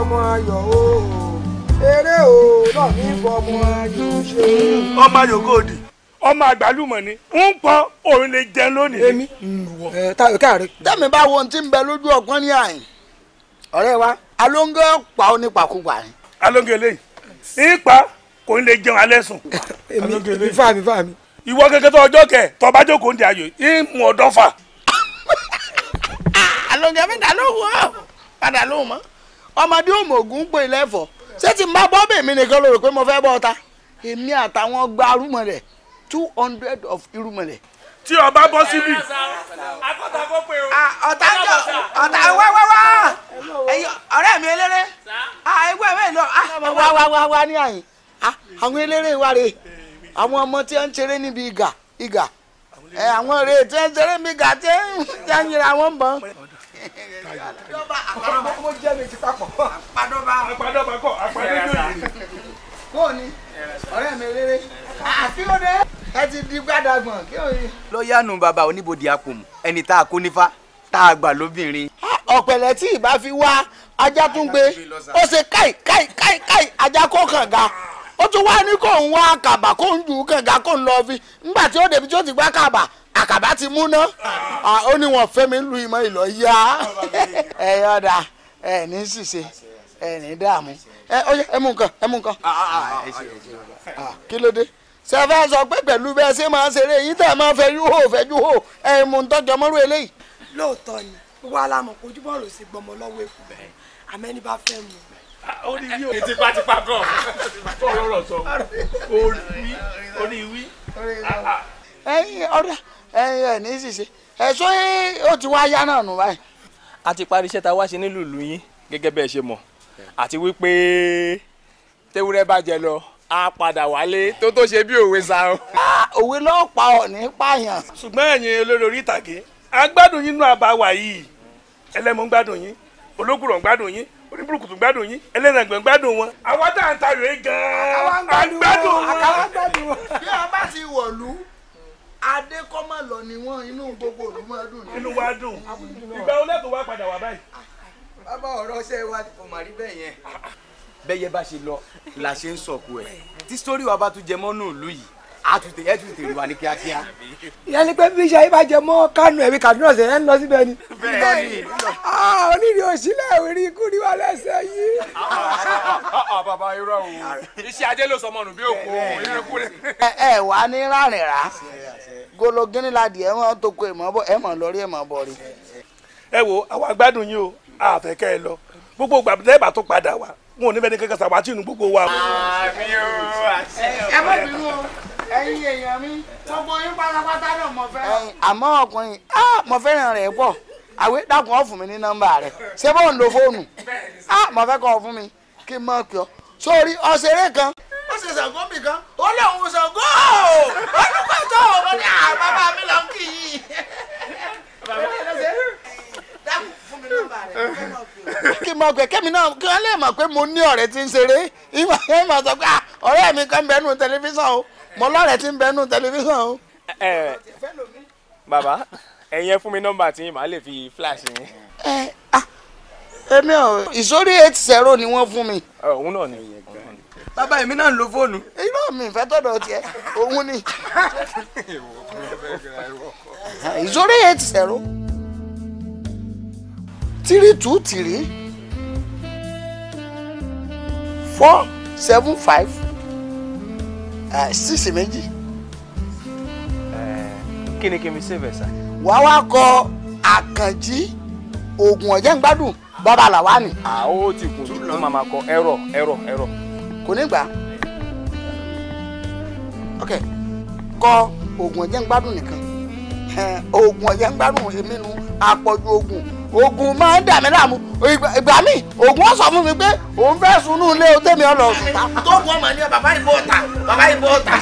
ọmọ ayọ̀ ooo, ere ooo náà ní ọmọ ayọ̀ ọmọ àgbálùmọ̀ ni ń pọ òun lè lónìí. èmi ẹ táwé káàrí. tẹ́mi bá wo ohun tí ń lójú ọgbọ́n ní àyìn ọ̀rẹ́ wa alóńgé pa alóńgé kò lè jẹun alẹ́ sùn. kẹ tọba jókòó ayò fà. alóńgé mi dà ọmọdé òmògùn gbé lẹ́fọ̀ ṣé tí n bá bọ́ bèmí nìkan ló rò pé mo fẹ́ bọ́ ta èmi àtàwọn gba arúmọ two hundred of irúmọ tí ọba bọ́ síbí. ọ̀tá jọ ọ̀tá wá wá wá ọ̀rẹ́ mi eléré ẹgbẹ́ mi lọ. wá wá wá wá ní àyìn àwọn eléré wa rè àwọn ọmọ tí wọ́n ń ṣeré níbi ìgà ìgà àwọn rè tí wọ́n ń ṣeré níbi ìgà tí wọ́n ń yẹra wọn bọ́n. mo jẹ́ méjì papọ̀. àpadọ́ba àpadọ́ba kọ àpadọ́ba yìí. kò ní ọ̀rẹ́ mi rere àti ah, òde. ẹ ti di gbàdàgbọ̀n kí òye. lọ́ọ̀yàánú bàbá oníbodè àpòmù ẹni tá a kó nífà tá a gbà lóbìnrin. ọ̀pẹ̀lẹ̀ tí ìbá fi wá ajá tún gbé ó ṣe káì káì káì káì ajá kó kànga ó tún wá ní kó ń wá kàbà kó ń ju kànga kó ń lọ fi ńgbà tí ó débi tí ó ti gbá kàbà àkàbà ti múná ó ní wọn fẹ́ mi lu ìmọ̀ ìlọ yá ẹ yọ̀dà ẹ ní ṣìṣe ẹ ní dààmú ẹ ó yẹ ẹ mú nǹkan ẹ mú nǹkan kí ló dé sẹfẹ sọ pé pẹ̀lú bẹ́ẹ̀ ṣe máa ṣeré yìí tẹ máa fẹjú hò fẹjú hò ẹ mú ntọjọ mọrú eléyìí. lóòótọ́ ni gbogbo alamọ kojú bọ́ọ̀lù sí gbọmọ lọ́wọ́ èkó bẹ́ẹ̀ àmẹ́ni bá fẹ́ mu ó ní wí òní tipátipá gan tó ọlọ́rọ̀ sọ ó ní wí. ẹyin ọ̀rẹ́ ẹyin ẹ ní ṣìṣe ẹṣọ ó ti wá yá náà nù báyìí. a ti parí iṣẹ́ tá wá ṣe nílùú ìlú yín gẹ́gẹ́ bẹ́ẹ̀ ṣe mọ̀ àti wípé tewúrẹ́ bàjẹ́ lọ a padà wálé tó tó ṣe bí òwe sa o. Ah, òwe lọ́ọ́ pa ọ̀ ní pààyàn. ṣùgbọ́n ẹ̀yin olórí ìtàgé a gbádùn yín nú àbá wa yìí ẹlẹ́mu gbádùn yín olókùrọ̀ gbádùn yín oníbùrùkùtù gbádùn yín ẹlẹ́nàgbẹ̀ gbádùn wọn. àwọn tá à gan-an a gbádùn wọn. bí a bá ti wọ̀lú adékọ́mọ̀ lọ ni wọ́n inú gbogbo òlú máa dùn ní. inú wa dùn ìgbà olóògùn wa padà wà báyìí. bàbá ọ̀rọ̀ ṣe wa kò mà rí bẹ́ẹ̀ yẹn. bẹ́yẹ bá ṣe lọ la ṣe ń sọ̀kù ẹ̀ tí sórí wa bá tún jẹ mọ́nú ìlú yìí àtúntè yẹn tún tèrè wà ní kíákíá. ìyá ni pé bí iṣẹ́ ayé bá jẹ mọ́ kánú ẹ̀mí Kaduna ṣe ń lọ síbẹ̀ ni. bẹ́ẹ̀ni onírìn òsínlẹ̀ ìrìn ikú ni wà lẹ́sẹ̀ yìí. Ah, bàbá irọ́ o iṣẹ́ ajé ló sọ mọ́nù bí òkú ìrìn ikú rẹ̀. ẹ wà ní rárìn rà golo gíní ladì ẹ wọn tó kó ẹ mọ bọ ẹ mọ lórí ẹ mọ bọ rí. ẹ wo àwọn agbádùn yín o àfẹ́kẹ́ ẹ lọ gbogbo gbàdúrà tó padà wá wọn ò ní bẹ́ẹ̀ ni kankan sàwátì nù gbogbo wa. o àṣẹ o. ẹ bá mi wọ. ẹ̀yin èèyàn mi gbogbo yín pátápátá náà mo fẹ́. àmọ́ ọkùnrin mo fẹ́ràn rẹ̀ pọ̀ àwé dákun ọ̀ mi ní nọ́mbà rẹ̀ ṣé bọ́ọ̀ ń lo fóònù mo fẹ́ kọ́ ọ fún mi kí n mọ̀ sórí ọ̀sẹ̀rẹ̀ kan ó ṣe ṣàngó mi kan ó lóun ṣàngó olùkọ́ tó ọmọ ní ah, àbábá mi lọ kì í. kí n mọ̀ pé kẹ́mi náà kí wọ́n lè mọ̀ pé mo ní ọ̀rẹ́ tí ń ṣeré ìmọ̀ ẹ̀ mọ̀ sọ pé ah, ọ̀rẹ́ mi kan tẹlifíṣàn o. mọ lọrẹ tí ń bẹ nù tẹlifíṣàn o. bàbá ẹ̀yin ẹ fún mi nọ́mbà tí màá lè fi flash yín. ẹ ah èmi ò ìsórí eight zero ni wọ́n fún mi. òun náà ni. bàbá èmi náà ń lo fóònù. irú mi ìfẹ́ tọ̀dọ̀ tiẹ̀ òun ni. ìsórí eight zero three two three four seven five. Ah, sísì méjì. Eh, kí ni kí n fi save ẹ sá. wàá wá kọ àkànjí oògùn ọ̀jẹ̀ ń gbádùn bọ́dà làwa ni. àó ti kùn jù ló máa ma kọ ẹ̀rọ ẹ̀rọ ẹ̀rọ. kò ní gbà. ok kọ oògùn ọ̀jẹ̀ ń gbádùn nìkan oògùn eh, ọ̀jẹ̀ ń gbádùn èmi nu àpọ̀jù oògùn oògùn máa ń dà mí láàmú ìgbà mi oògùn ó sọ fún mi pé òun fẹ́ sunú ilé o tẹ́mi ọlọ. tó kọ́ ọmọ ni bàbá ìbò ọ̀tà bàbá ìbò ọ̀tà.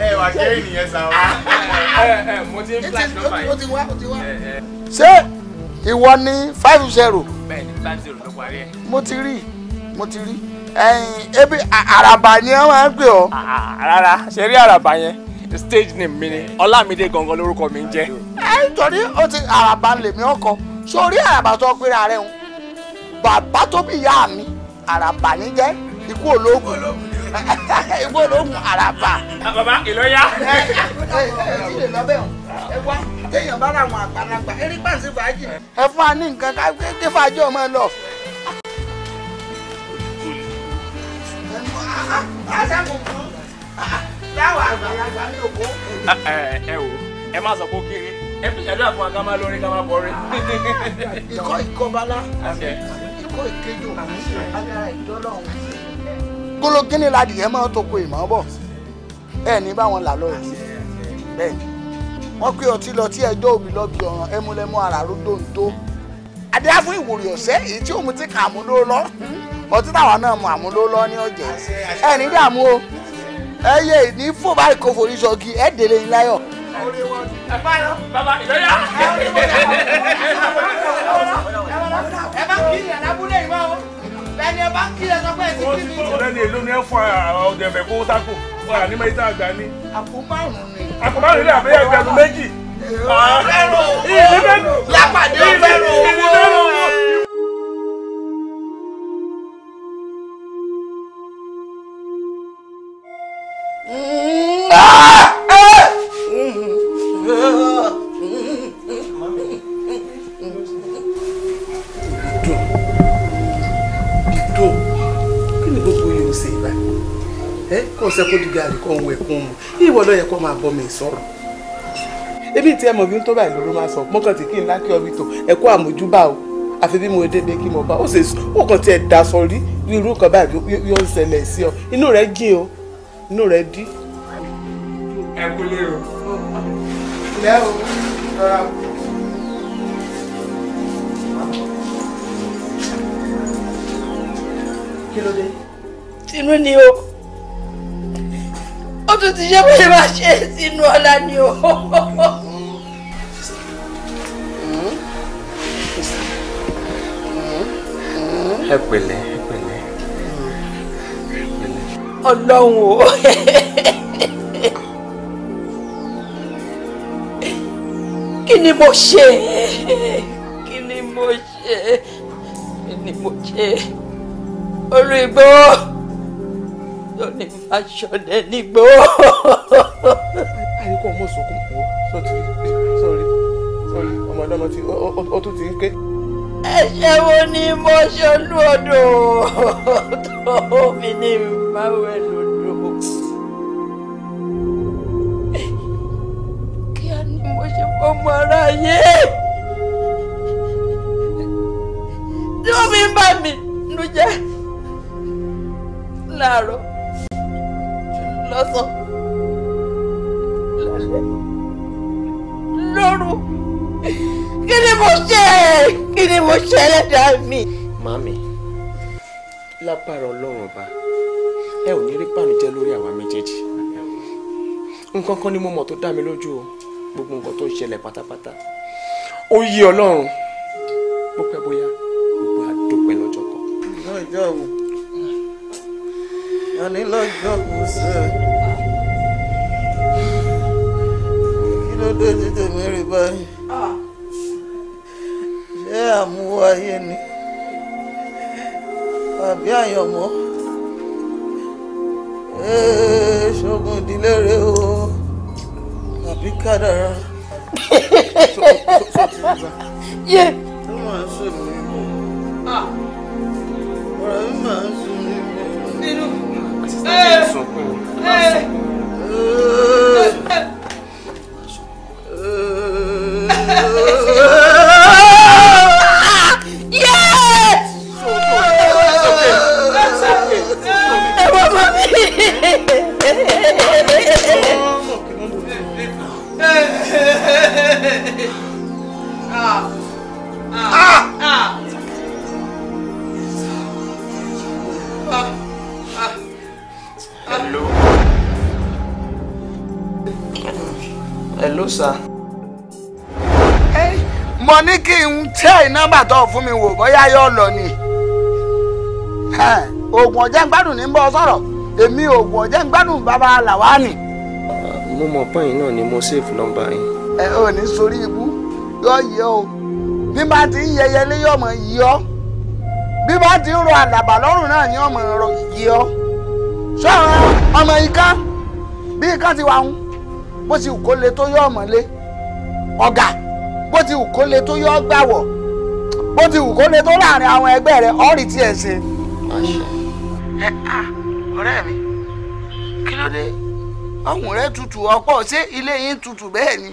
ẹ wà jẹ́ ènìyàn sá wa. Ah. mo ti ń flash nọ́mbà yìí. o ti wá o ti wá. ṣé ìwọ ni five zero. bẹ́ẹ̀ ni five zero ló parí ẹ. mo ti rí mo ti rí ebi àràbà ni wọn máa ń pè ọ. Ah, ah, rárá ṣe rí àràbà yẹn stage name mi ni ọlámídé gangan lórúkọ mi ń jẹ. ẹ nítorí o ti àràbà lèmi ọkọ sórí àràbà tó pera rẹ ń bàbá tó bí ìyá mi àràbà ní jẹ́ ikú ológun ikú ológun àràbà. bàbá ìlọ́yà. ẹ ẹ ilé lọ́bẹ̀ ọ̀hún ẹ wá téèyàn bá ra àwọn àgbàlagbà eré pàǹsí fàájì. ẹ fún wa ní nǹkan ká ké fàájì ọmọ ẹ lọ. ẹ wò ẹ má sọ pé ó kéré ẹ fi ṣàdúrà fún wa ká máa lórí ká máa bọ̀ rí. ikọ́ ìkọbalá ikọ́ ìkejì agbára ìdọ́lọ́hún. gbóló kíni ladìyẹ máa tó ko ìmọ̀ bọ̀ ẹ ní báwọn là lọ bẹ́ẹ̀ wọ́n pé ọtí lọ tí ẹjọ́ òbí lọ bí ọ̀ràn ẹmúlẹ́mú ara ró dóńtó adé á fún ìwòrì ọ̀sẹ́ èyí tí òun ti kà á mú ló lọ ọtí táwa náà mú àmúlò lọ ní ọjẹ ẹ ní dààmú o ẹ yé ní fò báyìí kò forí sọ kí ẹ délé yín láyọ̀ ẹ̀fà lọ bàbá ìlọ́yà. ẹ bá kí ìyàrá abúlé ìmọ̀ o bẹ́ẹ̀ni ẹ bá kí ẹ sọ pé ẹ ti kí mi. ọ̀rẹ́ ni èlò ni ẹ fún ọ̀dọ̀ ẹ̀fẹ̀ kó sáko wà ní mẹ́ta àgbà ni. àpò márùn-ún ni. àpò márùn-ún ni àbẹ́yẹ ẹgbẹ̀rún méjì. ìlú mẹ́rin. lápàdé ọ̀fẹ́rún owó. kó sẹ́kó di gàrí kó wọ ẹ̀kún mu ìwọ ló yẹ kó máa bọ́ mi sọ̀rọ̀ ebi tí ẹ mọ̀ bí ń tó báyìí lóró máa sọ mo kàn tí kí n lákì ọ bí tó ẹ àmójúbà o àfi bí mo dédé kí mo bá ó sì ó kàn tí ẹ da sọ rí irú kan báyìí yóò ń ṣẹlẹ̀ sí ọ inú rẹ jìn o inú rẹ dí. ẹ kúlé o. ilé o rọra kú. kí ló dé. inú ni o ó tún ti ṣe pé ṣe máa ṣe sínú ọlá ni o. ẹ pẹ̀lẹ́ ẹ pẹ̀lẹ́ ọlọ́run o. kí ni mo ṣe kí ni mo ṣe kí ni mo ṣe olùgbò àjọ ní fàṣọdẹ nígbó. àyíkọ́ ọmọ sọkún kù ó sọ́ọ̀tì sọ́ọ̀rì sọ́ọ̀rì ọmọ ọlọ́mọ tí ó tún ti ń ké. ẹ̀ṣẹ̀ wo ni mo ṣe lú ọdọ̀ tó mi ní báwẹ̀ lọ́dọ̀. kíá ni mo ṣe fọmọ aráyé. tí ó ń bá mi nu jẹ́ láàárọ̀ lọ́sàn lálẹ́ lóru kí ni mo ṣe kí ni mo ṣe ẹlẹ́dàá mi. màmí lápára ọlọ́run ọba ẹ ò ní rí bànújẹ́ lórí àwa méjèèjì ni mo mọ̀ tó dá mi lójú o gbogbo nǹkan tó ń ṣẹlẹ̀ pátápátá ó yí ọlọ́run bó pẹ́ bóyá gbogbo àdópẹ́ lọ́jọ́ èèyàn ní lọ́jọ́ kùsẹ̀. kí ló dé tí tèmi rí báyìí? ṣé àmúwò ayé ni? àbí àyànmọ́? ee ṣoògùn ìdílé rèé o àbí kádàrá. yé. ló máa ń ṣèlú ìbò. náà fún mi wò bóyá yóò lọ ni oògùn ọ̀jẹ̀ ń gbádùn ní bọ́ sọ̀rọ̀ èmi oògùn ọ̀jẹ̀ ń gbádùn bàbá làwánì. mo mọ pọ́yìn náà ni mo ṣèfù nọ́mbà yín. ẹ ò ní sórí ibú yọ yẹ o bí bá ti ń yẹyẹlé yọ mọ yí ọ bí bá ti ń rọ àdàbà lọ́rùn náà ni ọmọ rọ yí ọ sọ̀rọ̀ ọmọ ìka bí ìka ti wà ń bó ti wù kó le tó yọ ọmọ lé ọ̀gá bó ti wù kó le tó yọ ọgbà wọ̀ bó ti wù kó lè tó láàrin àwọn ẹgbẹ́ rẹ ọ̀rì tí ẹ ṣe. ẹ à ọ̀rẹ́ mi kí ló dé ọ̀hún rẹ tutù ọ̀pọ̀ ṣé ilé yín tutù bẹ́ẹ̀ ni.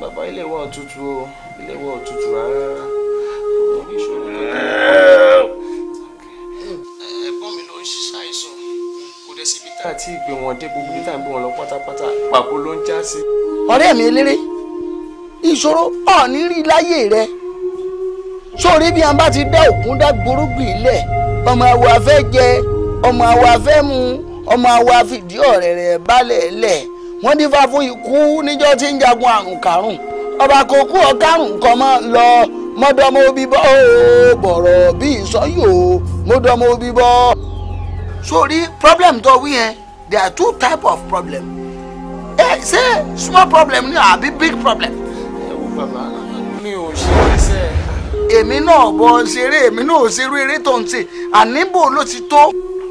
bàbá ilé wa ò tutù o ilé wa ò tutù rárá. ẹ̀gbọ́n mi ló ń ṣàìsàn kò dé síbi tá a ti gbé wọn dé gbogbo níta gbé wọn lọ pátápátá pàbó ló ń já sí. ọ̀rẹ́ mi eléré ìṣòro ọ̀ọ́nì rí láyé rẹ̀ sórí bí a bá ti dá òkun dá gbòrógbì ilẹ̀ ọmọ àwa fẹ́ jẹ ọmọ àwa fẹ́ mu ọmọ àwa fìdí ọ̀rẹ́ rẹ̀ balẹ̀ lẹ̀ wọ́n dífá fún ikú níjọ́ tí ń jagun àrùn karùn ọba kòkú ọ̀karùn kan mọ́ lọ mọ́dọ́mọ òbí bọ́ bọ̀rọ̀ bí ìsọ́yò mọ́dọ́mọ òbí bọ́. sórí problem tó wí yẹn there are two type of problem ẹ eh, ṣe small problem ni àbí big problem. ẹ wo bàbá èmi náà bọ ṣeré èmi náà ṣeré eré tó ń ṣe àníbò ló ti tó.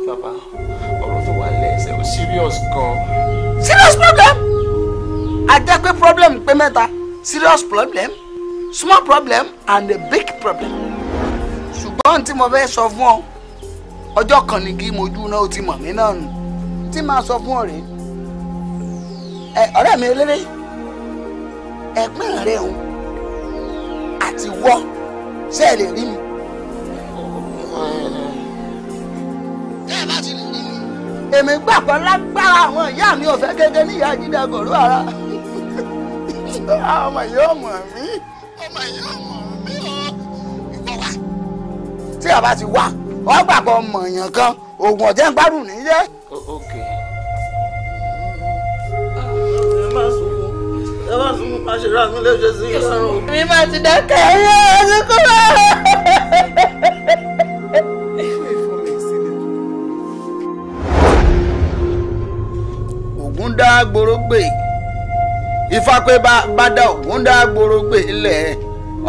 bàbá ọ̀rọ̀ tó wà lẹ́sẹ̀ ó serious gan. serious problem a jẹ́ pé problem pé mẹ́ta serious problem small problem and a big problem ṣùgbọ́n tí mo fẹ́ sọ fún ọ ọjọ́ kan ní kí mojú náà ó ti mọ̀ mí náà nù tí màá sọ fún ọ̀rẹ́ ẹ ọ̀rẹ́ mi eléré ẹ̀pẹ́ rẹ̀ o àti wọ́ ṣé ẹ lè rí mi. tẹ́ ẹ bá ti lè rí mi. èmi gbà pé lágbára àwọn ìyá mi ò fẹ́ kéde níyà jíjà gòrò ara ọmọ yóò mọ̀ mí ọmọ yóò mọ̀ mí o ìwọ wá. tí a bá ti wá ọgbà kan mọ̀ọ́yàn kan oògùn ọ̀jẹ̀ ń gbárùn níyẹn. okay. bá sún mú máa ṣe rà mí léṣe sí ìsọ̀rọ̀. èmi máa ti dákẹ́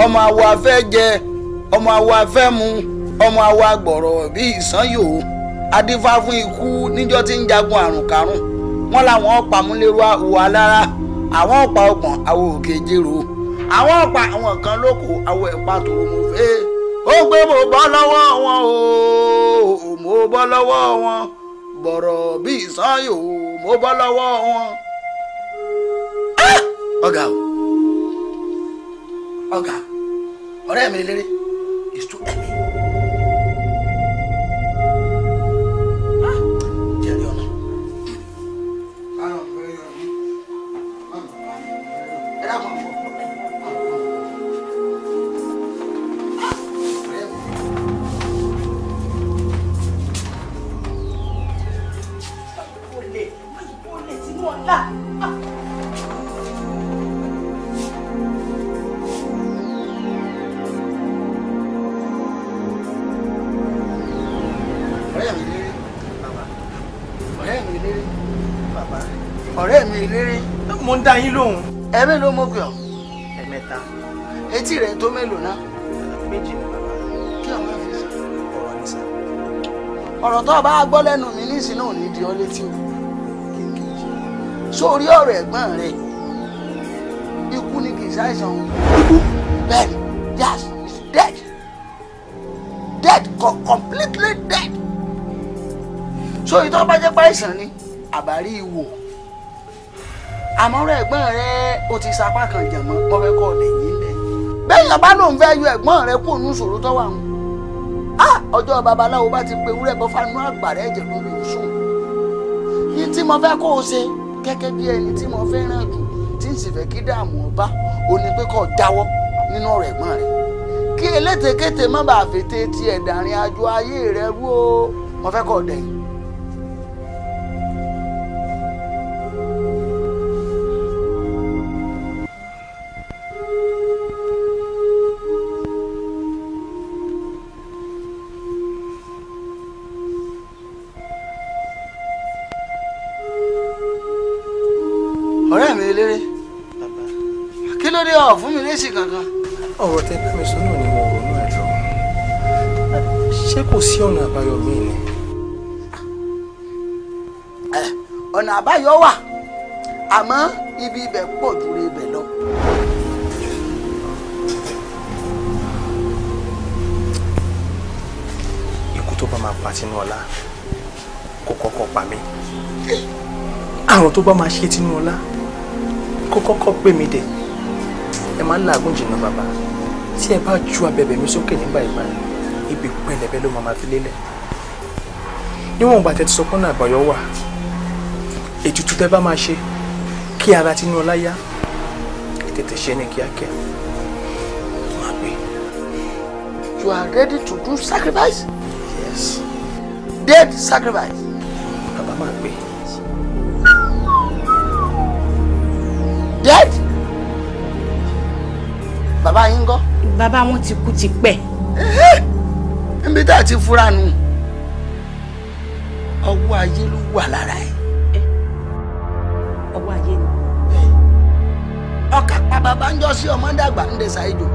ọmọ àwọ̀ afẹ́ jẹ ọmọ àwọ̀ afẹ́ mu ọmọ àwọ̀ agbọ̀rọ̀ bíi ìsányò adífá fún ikú níjọ́ tí ń jagun àrùn karùn-ún làwọn pàmùlérò àhùwà lára àwọn ọ̀pá ọgbọ̀n àwọn òkè jèrò àwọn ọ̀pá àwọn kan lóko àwọn ẹ̀pá tòun mo fẹ́ ó gbé mo bọ́ lọ́wọ́ wọn o mo bọ́ lọ́wọ́ wọn bọ̀rọ̀ bí ìsanyò mo bọ́ lọ́wọ́ wọn. ọ̀gá o ọ̀gá ọ̀rẹ́ mi lérè ìṣúná. ẹ̀mí ló mọ̀ pé ọ́. ẹ̀mẹ́ta. etí rẹ̀ tó mélòó náà. méjì ni bàbá. kí àwọn ẹ̀fọ́ sọ. ọ̀rọ̀ ní sá. ọ̀rọ̀ tó bá gbọ́ lẹ́nu mi nísìn náà ní di ọ létí o. sórí ọ̀rọ̀ ẹ̀gbọ́n rẹ̀ ikú ni kì í ṣàìsàn òun. ikú bẹ́ẹ̀ ni is dead dead completely dead. so ìtọ́ bá jẹ́ pàìsàn ni àbárí ìwò àmọ́rọ̀ ẹ̀gbọ́n rẹ o ti sapá kan jẹ̀mọ́ ọ̀rẹ́ kọ́ ọ̀lẹ̀ yìí lẹ̀. bẹ́ẹ̀ yọba ló ń fẹ́ yọ ẹ̀gbọ́n rẹ kó nu sòrò tó wà wọn. a ọjọ́ babaláwo bá ti pe ewúrẹ́ bọ́ fanú àgbà rẹ̀ jẹ̀ lórí ìṣùn. yín tí mo fẹ́ kó o ṣe gẹ́gẹ́ bí ẹni tí mo fẹ́ràn jù tí n sì fẹ́ kí dààmú ọba o ní pé kọ́ dáwọ́ nínú ọ̀rọ̀ ẹ̀gbọ́n rẹ. kí elétekéte má bàa fètè tiẹ̀ dàrin àjọ ayé rẹ rú o mo fẹ́ kọ́ dẹ̀yìn. ló dé ọ̀ fún mi lésì kankan. ọ̀rọ̀ tẹ bẹ́ẹ̀ sọ náà ni mo ronú ẹ̀ lọ ṣé kò sí ọ̀nà àbáyọ mi ni. ọ̀nà àbáyọ wà àmọ́ ibi ibẹ̀ pọ̀ ju ibẹ̀ lọ. ikú tó bá máa pa Tinúọlá kò kọ́kọ́ pa mí àrùn tó bá máa ṣe Tinúọlá kó kọ́kọ́ pè mí dé ẹ máa ń làágùn jìnnà bàbá tí ẹ bá ju abẹ̀bẹ̀ mi sókè nígbà ìgbà ibi pẹlẹbẹ ló máa fi lélẹ̀ níwọ̀n ìgbà tẹ́ ti sọ pọ́nà àbáyọ wà ètùtù tẹ́ bá máa ṣe kí ara tinú ọlá yá tètè ṣe ní kíákíá máa gbé. You are ready to do sacrifice? Yes. Dead sacrifice? Bàbá máa gbé. Dead? bàbá yín ńkọ́. bàbá wọn ti kú ti pẹ́. níbi tá a ti fura nù ọwọ́ ayé ló wà lára ẹ̀. ọwọ́ ayé ni. ọkà pa bàbá ń jọ sí ọmọ dàgbà ń dẹ̀sà ìjò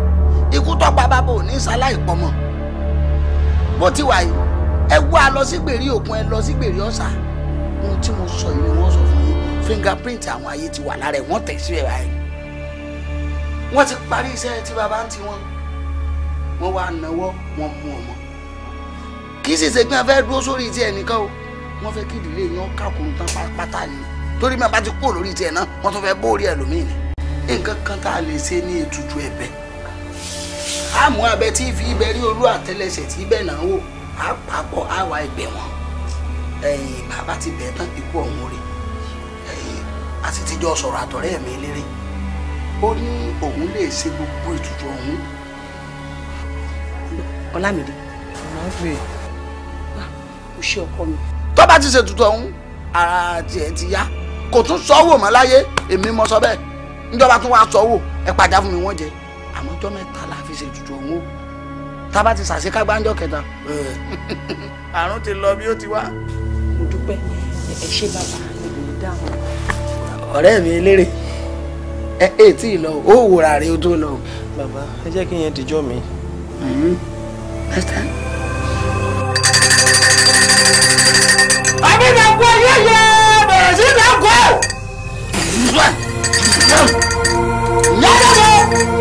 ikú tó pa bàbá ò ní sáláì pọmọ bó ti wà yìí ẹ wá lọ sí gbèrí òkun ẹ lọ sí gbèrí ọ̀sà ohun tí mo sọ yìí ni wọ́n sọ fún yín fingerprint àwọn ayé ti wà lára ẹ̀ wọ́n tẹ̀ sí ẹ̀ báyìí wọ́n ti parí iṣẹ́ tí bàbá ń ti wọn wọ́n wá náwó wọ́n mú ọmọ kì í sì ṣe pé fẹ́ dúró sórí tiẹ̀ nìkan o wọ́n fẹ́ kí ìdílé yẹn kákùnrin tán pátá ni torí bàbá ti kúrò lórí tiẹ̀ náà wọ́n tún fẹ́ bóòrí ẹlòmíì ni nǹkan kan tá a lè ṣe ní ètùtù ẹ̀bẹ̀ àmú abẹ tí fi ibẹ̀ rí olú àtẹlẹsẹ̀ tí ibẹ̀ náà wò àpapọ̀ àwa ẹgbẹ́ wọn ẹ̀yìn bàbá ti bẹ̀ tán ikú ọ̀hún rí ẹ̀yìn àti tíjọ sọ̀rọ̀ àtọ̀rẹ́ mi eléré ó ní òun lè ṣe gbogbo ètùtù ọ̀hún. ọlámìdé. má fi. o ṣe ọkọ mi. tó bá ti ṣètùtù ọ̀hún ara tiẹ̀ ti yá kò tún sọ́wọ́ mọ́ láyé èmi mọ sọ bẹ́ẹ̀ níjọba tún wá sọ́wọ́ ẹ padà fún mi wọ́n jẹ àmọ́ ọjọ́ mẹ́ta la fi ṣètùtù ọ̀hún o tá a bá ti ṣàṣekágbáńjọ kẹta àrùn ti lọ bí ó ti wá. mo dúpẹ́ ẹ ṣé bàbá ẹ lè dáhùn. ọ̀rẹ́ mi eléré ẹ ẹ tí ì lọ ó wòrà rẹ ó tó lọ. bàbá ẹ jẹ́ kí yẹn dìjọ́ mi. Mm-hmm. àbí nàkó yẹyẹ bẹ̀rẹ̀ sí nàkó. yàrá Yeah.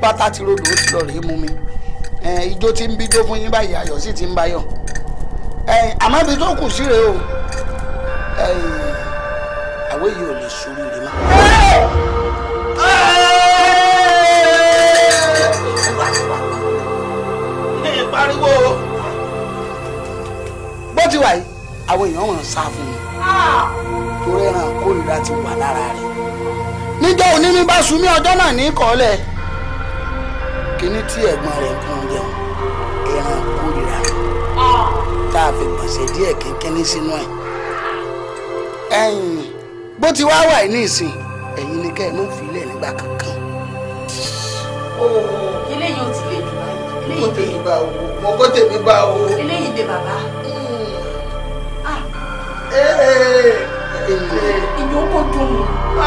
bàtà ti rodò ó ti lọ rèé mú mi ijó ti ń bíjó fún yín báyìí ayọ̀ sì ti ń báyọ̀ àmọ́ ibi tó kù sí rèé o àwọ̀ yìí ò lè sórí rèé mọ́. bó ti wà yìí àwọn èèyàn wọn sá fún mi torí ẹran kórìíra ti wà lára rẹ̀ níjọ́ onímí bá sunmí ọjọ́ náà ní kọ́lẹ̀ ní tí ẹ̀gbọ́n rẹ̀ kún jẹun ẹran kórìíra tá a fi gbọ̀nsẹ̀ díẹ̀ kínkínní sínú ẹ̀. ẹ̀yìn bó ti wá wà ní ìsìn ẹ̀yin ni kẹ́ ẹ mọ̀ fi ilẹ̀ nígbà kankan. eléyìí ò ti lè dùn báyìí eléyìí dé bá mo kó tèmi bá eléyìí dé bàbá. Hmm. Ah. Eh, eh, eh. ìyókò dùn.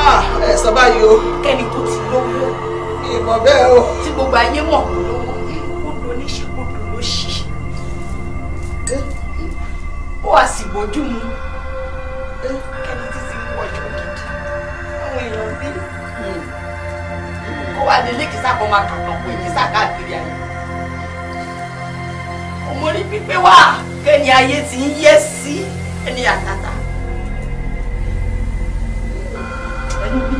Ah, ẹ báyìí o. kẹ́ni tó ti lówó. ìmọ̀ bẹ́ẹ̀ o gbogbo ayé mọ̀ kó lówó kódò oníṣẹ́ kódò ló ṣì ó wà sì bójú mu kẹ́ni tí ti ń wọ̀jọ́ gidi àwọn èèyàn bí ó wà nílé kìsà kan máa kàkàn pé kìsà káàkiri ayé ọmọ orí pípé wà kẹ́ni ayé ti ń yẹ sí ẹni àtàtà ẹni bí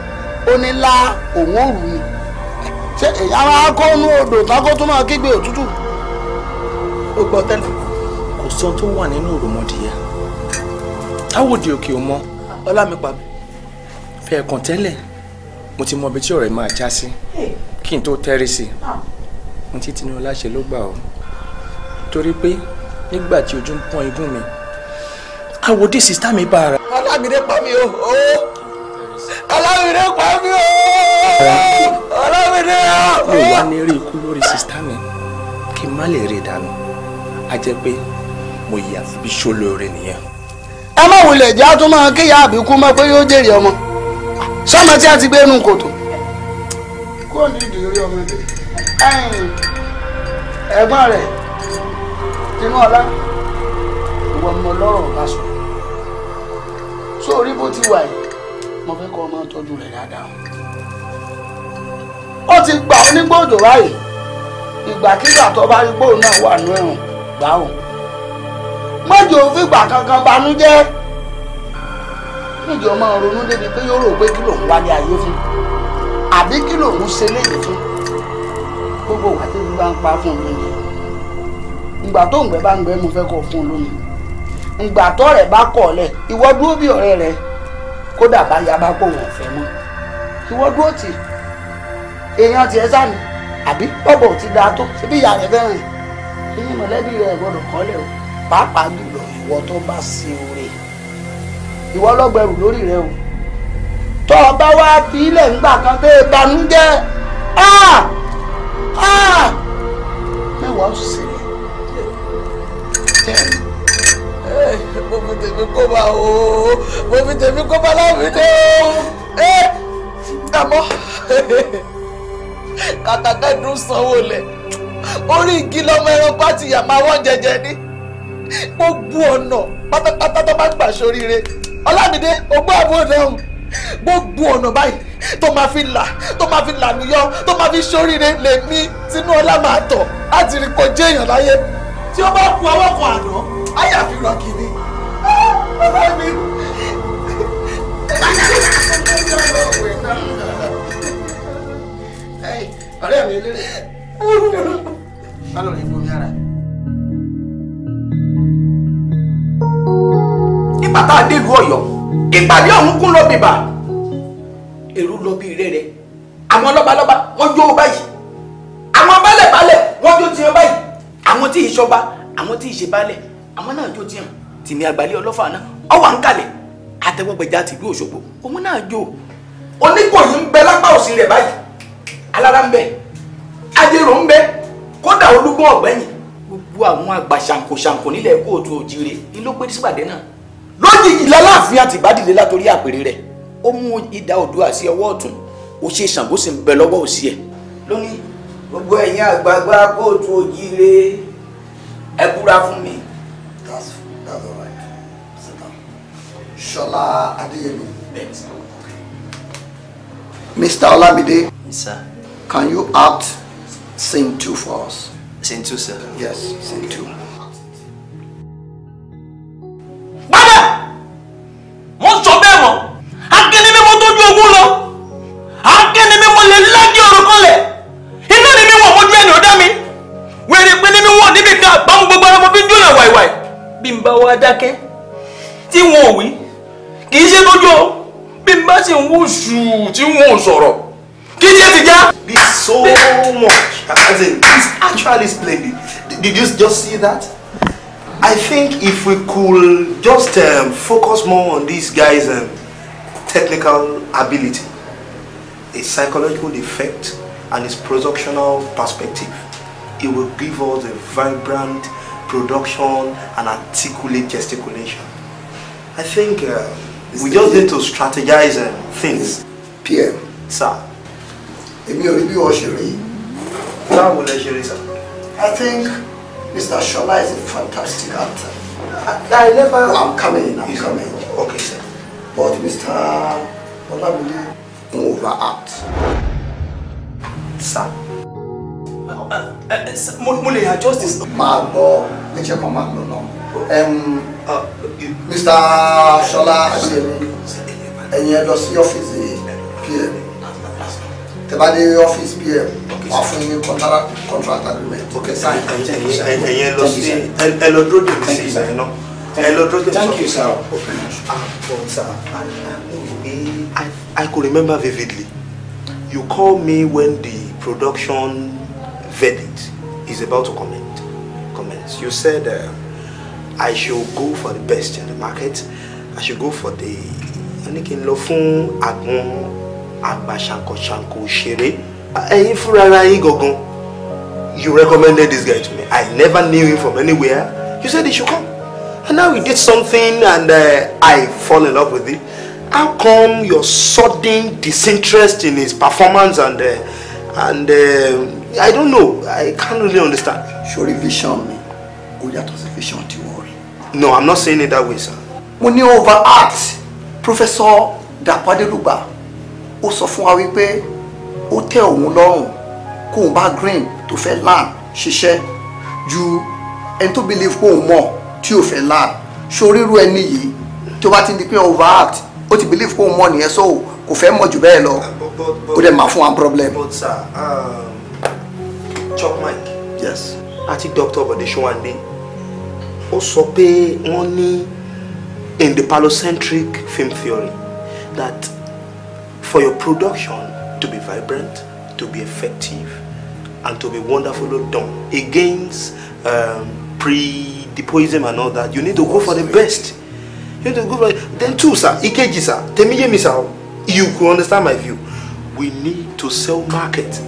ó ní lá òun ò rù ni ṣé èyí àwọn akọ́nú odò tako tó máa kígbe òtútù. ó gbọ́ tẹ́lẹ̀ kò sí ohun tó wà nínú òròmọdìyà táwọn òde òkè ò mọ ọlámípa fẹ́ẹ̀ kàn tẹ́lẹ̀ mo ti mọ ibi tí ọ̀rẹ́ máa já sí kí n tó tẹ́rí sí i n ah. tí Tinúọlá ṣe ló gbà ọ́ torí pé nígbà tí ojú ń pọ́n igun mi àwòdì sísá mi bá ara. alámìdé mi o. Oh, Ọlámídé pa mí o Ọlámídé o. mi ò wá ní rí ikú lórí sista mi kí n má lè rí dànù a jẹ pé mo yẹ àfi bí ṣolóore nìyẹn. ẹ má wulẹ̀ jẹ́ àtún máa kéèyàn àbíkú mọ́ pé yóò jèrè ọmọ sọmọ tí a ti gbé inú kòtò. kúrò ní ìdílé ọmọdé ẹ̀gbọ́n rẹ̀ tinú ọlá ìwọ ọmọ lọ́rọ̀ bá sọ sórí bó ti wà yìí mo fẹ́ kọ́ ọmọ tọ́jú rẹ̀ dáadáa ó ti gbà ó ní gbòdò báyìí ìgbàkigbà tó bá rí gbòdò náà wà nú ẹ̀rùn gbà ó mọ́jọ fìgbà kankan banújẹ́ níjọ máa ronú débi pé yóò rò pé kí lòun wálé ayé fún àbí kí lòun ṣe léyìí fún gbogbo ìgbà tí mo bá ń pa fún mi nìyẹn ìgbà tó ń gbẹ bá ń gbẹ mo fẹ́ kọ fún un lómi ìgbà tó rẹ̀ bá kọ̀ ọ̀lẹ̀ ìwọ dúró bí ọ̀rẹ́ rẹ̀ kódà báyà bá kó wọn fẹ́ mọ́ ìwọ dúró tì èèyàn tiẹ̀ sànù àbí bọ́bọ̀ ti da tó síbí ìyá rẹ̀ fẹ́ràn ẹ̀yìn mọ̀lẹ́bí rẹ̀ gbọ́dọ̀ kọ́lẹ̀ o pàápàá jùlọ ìwọ tó bá ṣe oore ìwọ lọ́gbẹ̀rù lórí rẹ o tó o bá fi ilẹ̀ ńgbà kan pé ìbànújẹ́ mẹ́wàá ó sì ṣẹlẹ̀ tẹ́lẹ̀ mo fi tèmi kó bá o mo fi tèmi kó bá láwùjọ o ẹ àmọ́ kàkàkà dùn sanwó lẹ̀ orí igi lọmọ ẹranko àti ìyàmá wọn jẹjẹ ní gbogbo ọ̀nà pátápátá tó bá gbà sóríire ọlámídé ogbó àbúrò gbogbo ọ̀nà báyìí tó máa fi là tó máa fi lànúyọ tó máa fi sóríire lèmi tinú ọlá máa tọ̀ láti rí kọjá èèyàn láyé tí ó bá ku awọ́kọ̀ àná ayé àfihàn kìíní bàbá mi. ọ̀rẹ́ mi eléré bá lọ rí bomi ara. nígbà tá a dé ìlú Ọ̀yọ́ ìpàdé ọ̀hún kún lọ bìbà èrú lọ bí rere àwọn lọ́balọ́ba wọ́n jó báyìí àwọn balẹ̀balẹ̀ wọ́n jó tiẹ̀ báyìí àwọn tí ì ṣọba àwọn tí ì ṣe balẹ̀ àwọn náà jó tiẹ̀ tìmí àgbàlẹ̀ ọlọ́fà náà ọwọ́ à ń kalẹ̀ àtẹwọ́gbẹ̀já tìlú Òṣogbo òun náà jó oníkòyí ń bẹ lápá òsì rẹ̀ báyìí alára ń bẹ ajérò ń bẹ kódà olúgbọ́n ọ̀gbẹ́yìn gbogbo àwọn àgbà ṣàǹkóṣàǹkó nílẹ̀ kóòtù òjire ni ló pé sípàdé náà lójijì lálàáfin àti ìbádìlẹ̀ látòrí àpèrè rẹ̀ ó mú idà Oòduà sí ọwọ́ ọ̀tún ó ṣe Ṣàngó sì ń bẹ lọ́wọ́ òsì ẹ̀ lónìí gbogbo ẹ̀yin àgbààgbà kóòtù òjire ẹ búra fún mi. That's all right. Sit down. Shola Adeyemi. Mr. Olamide. Yes, sir. Can you act scene two for us? Scene two, sir. Yes, scene two. o bí n bá sì ń wúṣù tí n ò sọ̀rọ̀ kí ni ẹ ti já. be so much as in it's actually splendid did you just see that. I think if we could just um, focus more on these guys' um, technical ability, his psychological effect, and his productional perspective, it will give us a vibrant production and articulate gesticulation. I think. Uh, we just need to strategize uh, things. PM. Sir. Èmi ò rí bí wọ́n ṣe rí. Báwo lẹ sir? I think Mr. Shola is a fantastic actor. I, I never... Oh, I'm coming, I'm He's coming. Okay, sir. But Mr. Olamide won't overact. Sir. Uh, uh, uh, mo lè adjust this. Máa gbọ́, ẹ jẹ́ kan máa lọ náà. Mr. Ṣọlá Adéyẹmí ẹ̀yin ẹ lọ sí ọ́fíìsì PM tẹ́ bá dé ọ́fíìsì PM wà fún yín contract contract agreement. ok sign ẹ̀yin ẹ lọ sí ẹ lọ dúró dè mí sí ìsàlẹ̀ náà ẹ lọ dúró dè sí ìsàlẹ̀ náà. thank you sir. ah but sir I, I could remember vividly you called me when the production verdict is about to comment commence you said. Uh, I should go for the best in the market. I should go for the wọ́n kí n lọ fún àgbọn àgbàṣànkọṣànkọ òṣèré ẹ̀yin fúnra yín gangan you recommended this guy to me I never knew him from anywhere you said he should come and now he did something and uh, I fall in love with him. how come your sudden disinterest in his performance and uh, and uh, I don't know I can't really understand. sori vision mi ó yàtọ̀ sí vision tiwa. No, I'm not saying it that way, sir. Mo ní over art, Professor Dàpọ̀ Adélùgbà, ó sọ fún wa wípé ó tẹ́ òun lọ́rùn kóun bá green tó fẹ́ land ṣiṣẹ́ ju ẹni tó believe ko mo, tí ò fẹ́ land. Ṣorí irú ẹni yìí tí ó bá ti di pé over art, ó ti believe kóun mọ̀ nìyẹn so kò fẹ́ mọ̀ jù bẹ́ẹ̀ lọ. Uh, ó dẹ̀ máa fún wa problem. But sir, um, Chop Mike. Yes. Doctor, but Àti show Bode Ṣọ́wándé ó sọ pé wọ́n ní in the palocentric film theory that for your production to be vibrant to be effective and to be wonderfully done against um, pre-depoism and all that you need to go for the best you need to go for the then two sir Ikeji, sir temiyemi sir you go understand my view we need to sell market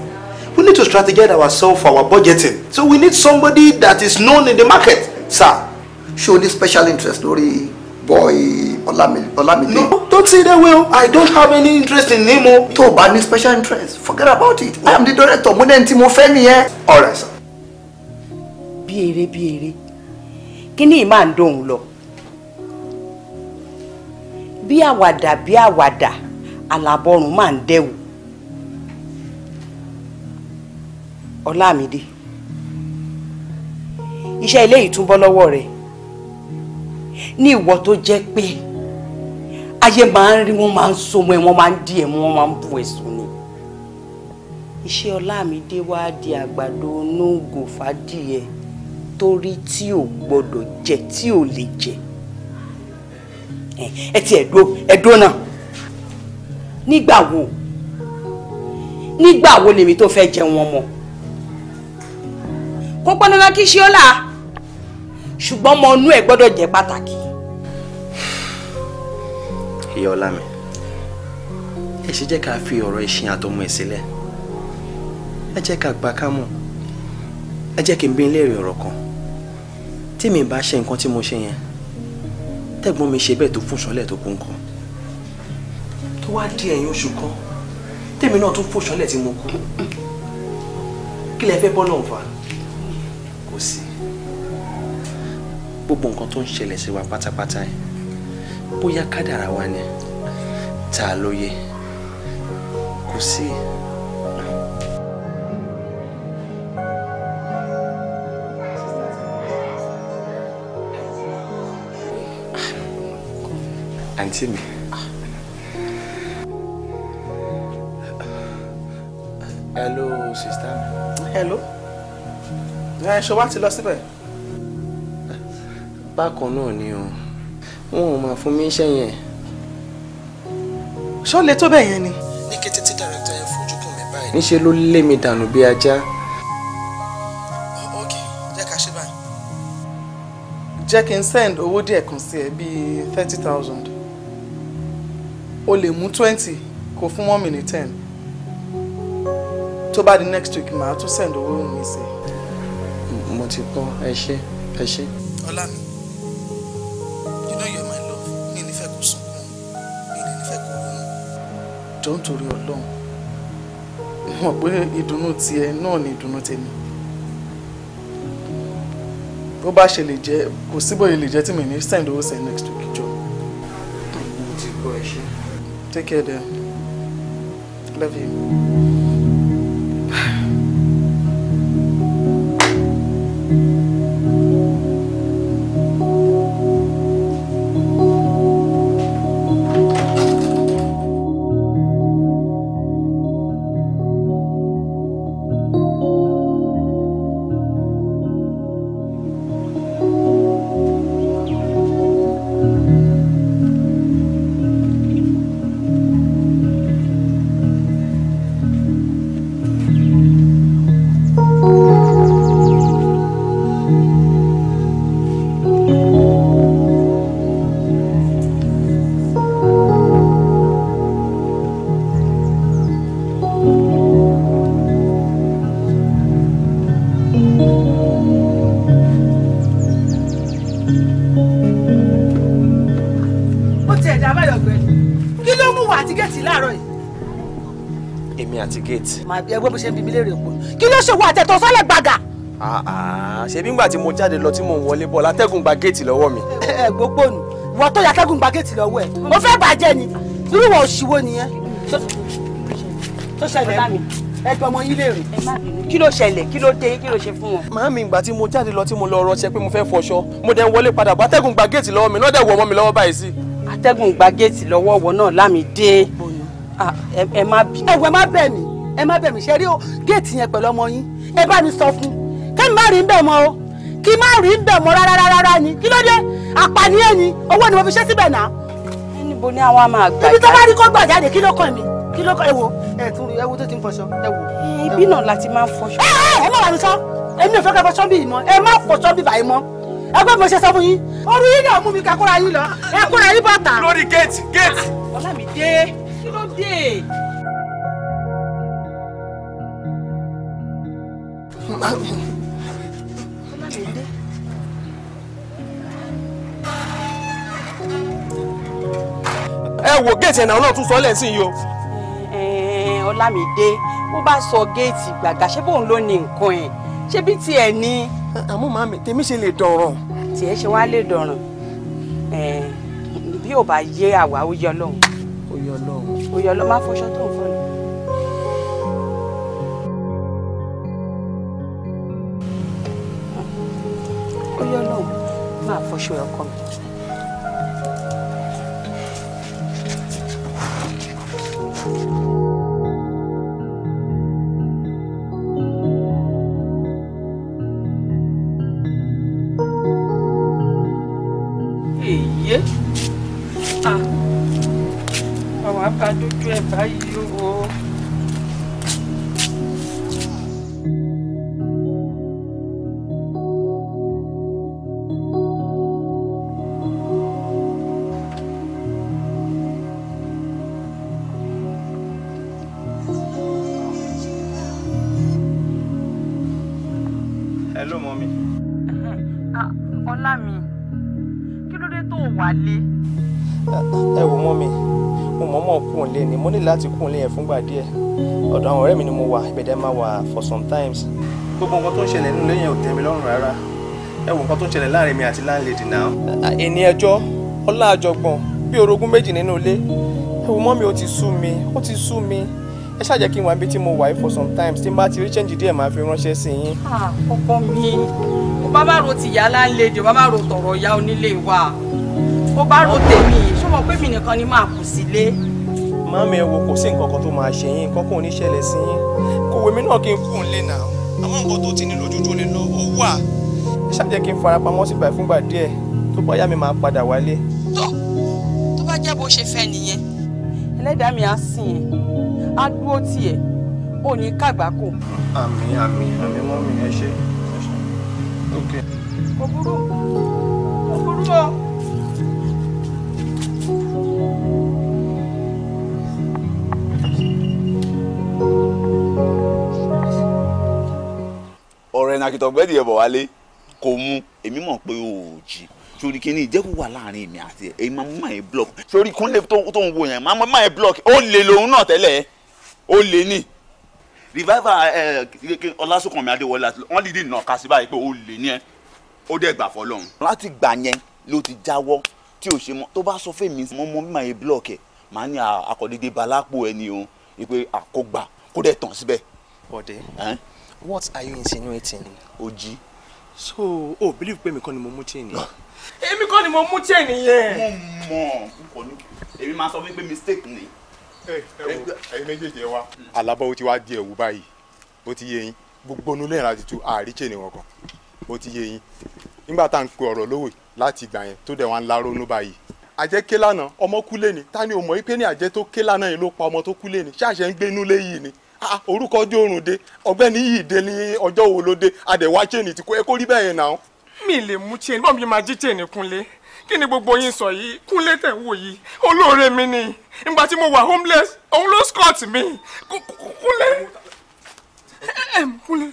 we need to strategize ourselves for our budgeting so we need somebody that is known in the market sir Show any special interest lórí boy Olamide. no don't say that way i don't have any interest in him o. Oh. tó o bá ní special interest forget about it i am the director mo dẹ́ni tí mo fẹ́ nìyẹn. alright sir. bí eré bí eré kí ni ìmáà ń dóhùn lọ bí àwàdà bí àwàdà àlàbọ̀rùn máa ń dẹ́wù Ọlámídé iṣẹ́ ilé yìí tún bọ́ lọ́wọ́ rẹ̀ ní ìwọ tó jẹ́ pé ayé máa ń rí wọn máa ń so mọ́ ẹ wọ́n máa ń dí ẹ mọ́ wọ́n máa ń bu ẹ̀sùn ni iṣẹ́ ọlámídé wá di àgbàdo onóògò fàdìẹ torí tí ò gbọ́dọ̀ jẹ tí ò lè jẹ ẹ ti ẹdó ẹdó náà nígbà wo nígbà wo lèmi tó fẹ́ jẹun ọmọ kó pọndandan kí ṣe ọlá ṣùgbọ́n ọmọ inú ẹ̀ gbọ́dọ̀ jẹ́ pàtàkì. ìyá ọlá mi ẹ ṣe jẹ́ ká fi ọ̀rọ̀ ìṣìn àtọmọ ẹ̀ sílẹ̀ ẹ jẹ́ ká gbà ká mọ̀ ẹ jẹ́ kí n bí léèrè ọ̀rọ̀ kan tí mi bá ṣe nǹkan tí mo ṣe yẹn tẹ́gbọ́n mi ṣe bẹ́ẹ̀ tó fún ṣọlẹ̀ tó kún kan tó wá di ẹ̀yìn oṣù kan tèmi náà tún fò ṣọlẹ̀ tí mo kú kí lẹ fẹ́ bọ́ náà fà kò sí gbogbo nǹkan tó ń ṣẹlẹ̀ sí wa pátápátá ẹ̀ bóyá kádàrá wa ni ta ló yẹ kò sí. àǹtí mi. hello sista hello ẹ ṣọwá ti lọ síbẹ̀ bákan náà ni o wọn ò máa fún mi iṣẹ́ yẹn. ṣó lè tó bẹ́ẹ̀ yẹn ni. ní kété tí dàrẹ́tà yẹn fojú kàn mí báyìí. níṣẹ́ ló lé mi dànù bí ajá. Oh, ok jẹ́ ká ṣe báyìí. jẹ́ kí n send owó díẹ̀ kan sí ẹ bíi thirty thousand o lè mú twenty kó fún mọ́mì ní ten tó bá di next week màá tún send owó mi sí. mo ti kọ́ ẹ ṣé ẹ ṣé. ọlá mi. jọ nítorí ọlọ́run mo mọ̀ pé ìdùnnú tiẹ̀ náà ni ìdùnnú tèmi bó bá ṣe lè jẹ́ kò síbòye lè jẹ́ tí mi ní send owó send next week jọ. mo take care then. love you. correct. màá bí ẹgbẹ́ bó ṣe ń bi mí léèrè òpó kí ló ṣe wà àtẹ̀tọ̀ sọ́lẹ̀ gbàgà. ṣebí ngbà tí mo jáde lọ tí mo wọlé bọ́ látẹ́gùn gba géètì lọ́wọ́ mi. ẹ gbogbo nù ìwọ tó yàtẹ́gùn gba géètì lọ́wọ́ ẹ mo fẹ́ bàjẹ́ ni irú wọn òṣìwò nìyẹn. tó ṣẹlẹ̀ mi ẹ tọ ọmọ yín léèrè kí ló ṣẹlẹ̀ kí ló dé kí ló ṣe fún wọn. màámi ìgbà tí mo jáde lọ tí mo lọ rọṣẹ pé mo fẹ́ fọṣọ mo dẹ̀ wọlé padà bá atẹ́gùn gba géètì lọ́wọ́ mi lọ́dẹ̀ wọ̀ ọmọ mi lọ́wọ́ báyìí sí. atẹ́gùn gba géètì lọ́wọ́ wọ náà lámì dé ẹ má bẹ̀ mí ẹ má bẹ̀ mí ṣe rí o géètì yẹn pẹ̀lú ọmọ yín ẹ bá mi sọ fún kí n má rí ń bẹ̀ mọ́ o kí n má rí ń bẹ̀ mọ́ rárá rárá ni kí ló dé àpànìyàn ni owó ni mo fi ṣe síbẹ̀ náà. níbo ni a máa gbà jáde. ibi tó bá rí kó gbà jáde kí ló kàn mí kí ló kàn ẹ wo ẹ tún ẹ wo tó ti ń fọṣọ ẹ wo. ibi náà la ti máa ń fọṣọ. ẹ ẹ ẹ má wà mí sọ èmi ò fẹ́ kẹ́ fọṣọ bí ìmọ̀ ẹ má fọṣọ bí báyìí mọ́ ẹgbẹ́ mi ṣe sọ fún yín orí yín náà mú mi kakúra yín lọ ẹ kúra yín bàtà. lórí géètì géètì. ọlámídé kí ló dé. ẹ wo géètì ẹ̀nà náà tún sọ lẹ́sìn yìí o. Ọlámídé bó bá sọ géètì gbàgà ṣé bóun ló ní nǹkan ẹ̀ ṣé bí tiẹ̀ ni. àmọ́ màmí tèmi ṣe lè dọ̀rọ̀. tiẹ̀ ṣe wá lè dọ̀rọ̀ bí ò bá yé àwa ó yọ lọ́hùn. ó yọ lọ́hùn. ó yọ lọ́hùn má fọṣọ tó ń fọ́ ni. bóyá Ọlọ́run máa fọṣọ ẹ̀ ọkọ mi. Ah, báyìí. láti kún ilé yẹn fúngbà díẹ̀ ọ̀dọ̀ àwọn ọ̀rẹ́ mi ni mo wà ìbẹ̀dẹ̀ máa wà for some times gbogbo nǹkan tó ń ṣẹlẹ̀ nínú ilé yẹn ò tẹ́ mi lọ́rùn rárá ẹ wo nǹkan tó ń ṣẹlẹ̀ láàrin mi àti láńlẹ́dì náà. ẹni ẹjọ́ ọlá àjọgbọ̀n bí orogún méjì nínú ilé ẹ mọ́ mi ó ti sú mi ó ti sú mi ẹ ṣáà kí n wà níbi tí mo wà for some times tí n bá ti rí change díẹ̀ máa fi ránṣẹ́ sí yín. ọkọ mi ò bá má tìyá láńlẹ́dì ò bá má tọ̀rọ̀ ìyá màámi ẹ wò kò sí nǹkan kan tó máa ṣe yín nǹkan kan ò ní ṣẹlẹ̀ sí yín kò wèmí náà kí n kú lè nà àmọ́ nǹkan tó ti ní lójújú lè lọ ó wà ẹ ṣàjẹ́ kí n farapamọ́ síbà fúngbà díẹ̀ tó bá yá mi máa padà wálé. tó tó bá jẹ́ bó ṣe fẹ́ nìyẹn ẹlẹ́dàá mi á sìn ẹ́ á dúró tiẹ̀ ò ní kàgbákò. àmín àmín àmín mọ́mí ẹ ṣe. ok. kò burú. ẹni akitọ bẹẹdi ẹbọ wálé kò mu èmi mọ̀ pé o ò jí sórí kí ni ìjẹ́kù wà láàrin èmi àti ẹ̀ èmi máa mú máa yẹ block sórí kúnlẹ̀ tó ń wo yẹn máa mú máa yẹ block ó lè lòun náà tẹ́lẹ̀ ó lè ní revival ọlásùnkànmí adéwọlé àti wọn lè nà ká sí báyìí pé ó lè ní ẹ ó dẹ̀ gbà fọlọ́run. láti gbà yẹn ló ti jáwọ́ tí ò ṣe mọ́ tó bá sọ fẹ́mi mọ́ mọ́ mímọ́ yẹn block ẹ̀ màá ní akọ̀dédé balápò ẹni o pé àkógbà kó dẹ̀ tàn síbẹ̀. bọ̀dé what are you insinuating. ojí so oh, believe pé mi kọ́ ni mo mú chain yẹn. èmi kọ́ ni mo mú chain yẹn. mo mọ̀ n kò ní èmi máa sọ fún mistake ni. Eh, ẹ ẹ wo ẹyin méjèèjì ẹ wa hmm. alábọ̀wò ti wá di ẹ̀wù báyìí bó ti yé yín gbogbo onú lẹ́yìn láti tu àárí chain wọn kan bó ti yé yín nígbà tá à ń pe ọ̀rọ̀ lówè láti ìgbà yẹn tó dẹ̀ wá ń laró nú báyìí àjẹ́ ké lánàá ọmọ kú lé ni ta ni ò mọ̀ yí pé ní àjẹ́ tó ké lánàá yìí pa ọmọ tó kú lé ni ṣáàṣẹ́ ń gbé inú lé yìí ni orúkọ ọjọ́ òrùn dé ọ̀gbẹ́ni yìí dé ní ọjọ́ wo ló dé adẹ̀wá chain ti kó ẹ kó rí bẹ́ẹ̀ náà. mi lè mú chain bọ́ọ̀ mi máa jí chain kúnlé kí ni gbogbo yín sọ yìí kúnlé tẹ̀ wò yìí olóore mi ni ìgbà tí mo wà homeless òun ló scott mi kúnlé kúnlé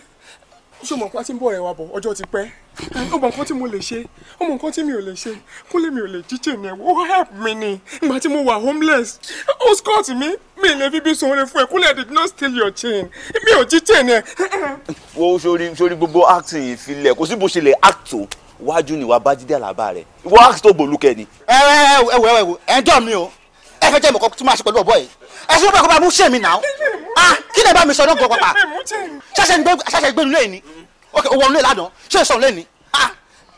ṣé o mọ̀ nǹkan tí ń bọ̀ rẹ̀ wá bọ̀ ọjọ́ ti pẹ́ o mọ̀ nǹkan tí mo lè ṣe o mọ̀ nǹkan tí mi ò lè ṣe kúnlẹ̀ mi ò lè jíjẹ ní ẹ̀wọ̀ help me ni ìgbà tí mo wà homeless ó scott mi mi lè fi bí sunwọ̀n fún ẹ kúnlẹ̀ did not steal your chain mi ò jíjẹ ní ẹ. wo sori sori gbogbo acting yìí fi lẹ kò sí bó ṣe lè act o wájú ni wà á bá jíde àlàbà rẹ ìwọ act tó bòlúkẹ ni. ẹ ẹ ẹ wẹ ẹ wẹ ẹ jọ mi o ẹ fẹ jẹ mọkàn tí máa ṣe pẹ̀lú ọbọ yìí ẹ sọ pé kó bá mú ṣèmi náà ah kí lè bá mi sọ ọdún kan ṣàṣẹ gbẹnu lẹ́yìn ni ok owó ọ̀nù lè ládàn ṣé sọ̀rọ̀ ni ah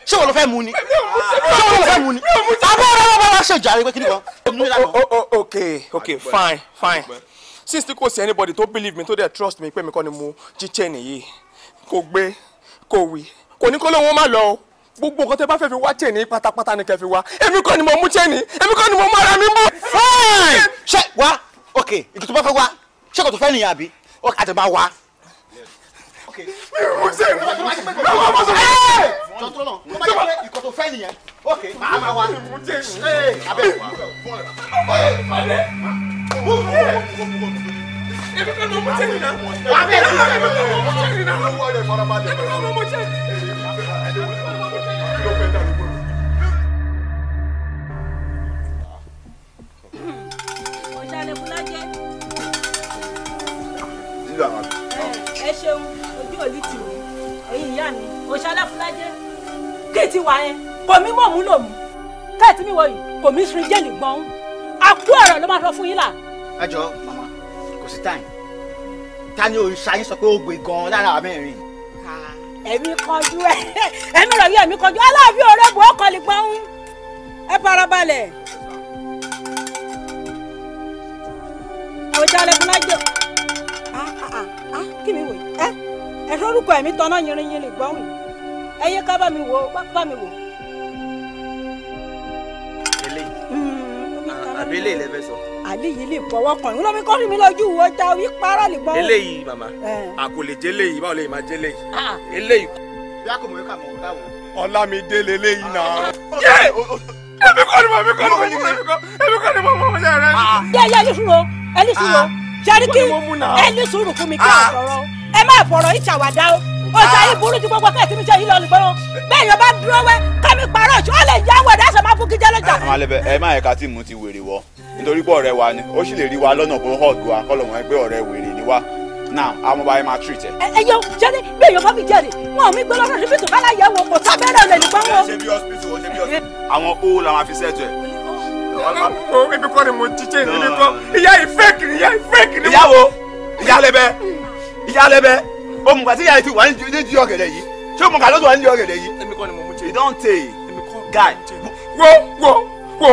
ṣé lọ fẹ́ mu ni ṣé wọ́n lọ fẹ́ mu ni abẹ́ ọ̀rọ̀ bá wá ṣe jàre pé kí ni kan. Oh, oh, oh, ok ok fine fine since tí kò sí anybody tó believe me tó dẹ̀ trust me pé mi kọ́ ni mo jíjẹ́ nìyí kò gbé kò wí kò ní kó lóun má lọ o gbogbo nǹkan tẹ bá fẹ́ fi wá chain pátápátá ni kẹ́ fi wá èmi kọ́ ni mo mú chain èmi kọ́ ni mo mú ara mi mú. fine ṣe wá ok ìtùtù bá fẹ́ wá ṣé kò tó fẹ́ nìyàn àbí àti máa wá. mo ṣe náà wà mọ́tò rẹ̀. jọ̀tọ̀ náà tó bá yẹ pé ìkọ̀ tó fẹ́ nìyẹn ok máa máa wá. mo ṣe ṣe abẹ́ wà. mo fi ẹ̀ èmi kan náà mo ṣe nìyà. wà á bẹ̀ ẹ̀ lọ́wọ́ èmi kan náà mo ṣe nìyà. èmi kan náà mo ṣe nìyà. Ọ̀ṣàlẹ̀ Bùlájẹ́ dà wá. ẹ ṣeun ojú òlù tì mí èyí ìyá mi òṣàlẹ̀ fúlájẹ́ kí ti wà yẹn kò mí mọ̀ mú lò mú káàtì mi wọ̀ yìí kò mí sun jẹ́lì gbọ́n àkú ọ̀rọ̀ ló máa sọ fún yín là. ẹ jọ màmá kò sí táyìn ta ni òrìṣà yín sọ pé ó gbé gan-an lára àmẹ́rin. ẹ̀mí kọjú ẹ̀ ẹ̀mí rọ̀ yí ẹ̀mí kọjú aláàbí ọ̀rẹ́ bò ó kọ́lì gbọ́n ẹ farabalẹ̀. òjò alẹ́ fúnlájọ́. ẹ̀rọ orúkọ ẹ̀mí tanná yìnrìnyìn gbọ́wìn ẹ yé ká bá mi wò ó bá mi wò. àbí eléyìí lẹ fẹ́ sọ. àléyìí lè fọwọ́ kàn yín kọ́ mi lójú wo ta orí parọ́ lè gbọ́wọ́. eléyìí màmá àkòlè jẹ́ eléyìí báwo lè máa jẹ́ eléyìí. eléyìí. bí a kò mọ̀ ká mọ̀ ká wò. ọlámidé lélẹ́yìí náà. èmi kọ́ ni mo èmi kọ́ ni mo èmi kọ́ ni mo mọ̀ ọ́ yẹrẹ. yẹ́yẹ́ ẹni sùúrù ẹni sùúrù jẹ́ríkì ẹni sùúrù fún mi kí n sọ̀rọ̀ ẹ má fọ̀rọ̀ yìí ṣàwàdà o ọjà yìí burú ju gbogbo kẹ́ẹ̀kì mi ṣe yìí lọ lùgbọ́n bẹ́ẹ̀ yọba dúró wẹ́ kámi parọ́ ṣó lè yá wẹ̀ dáṣẹ̀ má fún kíjẹ́ lọ́jà. àwọn alẹ́ bẹ ẹ má ẹ̀ka tí mú ti wèrè wọ nítorí pé ọ̀rẹ́ wa ni ó sì lè rí wa lọ́nà kó hàn gba kọ́lọ̀ wọn pé ọ̀rẹ́ wèrè ni wa now àwọn ọba yẹn máa treat ẹ. yọ jẹni bí èèyàn bá fi jẹrè wọn ò mí gbọ́ lọ́rọ̀ síbítù bá láyẹ̀ wò kò sábẹ́rẹ́ olè nípa wọn. ṣe bí hospital ṣe bí hospital. àwọn owó la máa fi ṣẹ́ẹ̀tù ẹ̀ ebi kọ́ ni mo jíjẹ́ ibi kọ́ ìyá ìfẹ́kì ìyá ìfẹ́kì ni mo. ìyàwó ìyálẹ́bẹ̀ ìyá lẹ́bẹ̀ o mùgbà tí ìyá yìí ti wà ní jí ọ̀gẹ̀dẹ̀ yìí ṣé o mùgbà ló ti wà ní jí ọ̀gẹ̀dẹ̀ yìí. èmi kọ́ ni mo mú jẹ. ìdọ́ǹtè guy. wo wo wo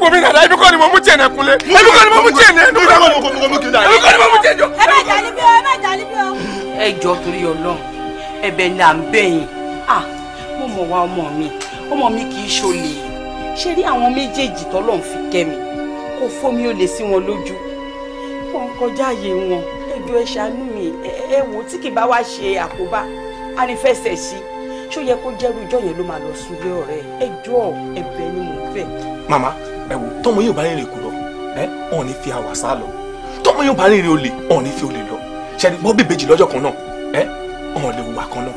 wo mi nana èmi kọ́ ni mo mú jẹ nẹkunle èmi kọ́ ni mo mú jẹ nẹkunle èmi kọ́ ni mo mú jẹ nẹkunle èmi kọ́ ni mo mú jẹ jọ. ẹ má jà níbí o ẹ má jà níbí o. ẹ jọ torí Ọlọ́run ẹ̀bẹ̀ ni à ń bẹ̀yìn ah mo mọ̀ wá ọmọ mi ọmọ mi kì í ṣolè ṣe rí àwọn méjèèjì tọ́lọ́run fi kẹ́ mi kò fómi ó lè sí wọn lójú wọn kọjá àyè wọn ẹjọ́ ẹ ṣàánú mi ẹ wò tí kì bá wá ṣe àkóbá a ní fẹsẹ̀ sí i ṣó yẹ kó jẹ́rú ìjọ yẹn ló máa lọ súnlé ọ̀rẹ́ ẹjọ́ ẹ̀bẹ̀ ni mò ń bẹ̀. màmá ẹ wò tọmọ yóò bá rìnrìn kù lọ ẹ ọ̀n ní fi àwàsá lọ tọmọ yóò bá rìnrìn olè ọ̀n ní fi olè lọ ṣẹ́ni wọ́n bèbèjì lọ́jọ́ kan náà ẹ ọ̀n lè wà kan náà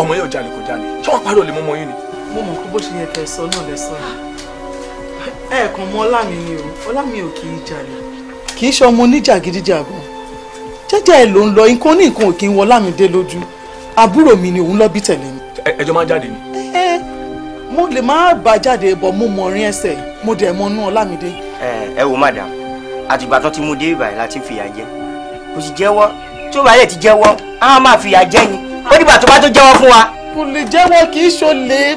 ọmọ yóò jalè kò jalè ṣé wọ́n parí olè mọ́mọ yín ni. mo mọ̀ pé bó ṣe yẹ kẹ́ sọ náà lẹ sọ yìí ẹ̀ẹ̀kan mọ́ ọlá ni o ọlá mi ò kì í jalè kì í ṣe ọmọ oníjàgídíjàgan jẹ́jẹ́ ẹ ló ń lọ nǹkan ní nǹkan òkè ń wọ lámìdé lójú àbúrò mi ni òun lọ bí tẹ̀lé mi. ẹjọ́ máa ń jáde ni. ẹ mo lè má bá a jáde bọ̀ mo mọ̀ rin ẹsẹ̀ mo dẹ̀ mọ inú ọlámìdé. ẹ ẹ wo madam àtìgbà tó ti mú dé ìbàyìí láti fìyà jẹ kò sì jẹ́wọ́ tí ó bá yẹ ti jẹ́wọ́ á máa fìyà jẹ ni ó dìgbà tó bá tó jẹ́wọ́ fún wa. kò lè jẹ́wọ́ kì í ṣọlẹ̀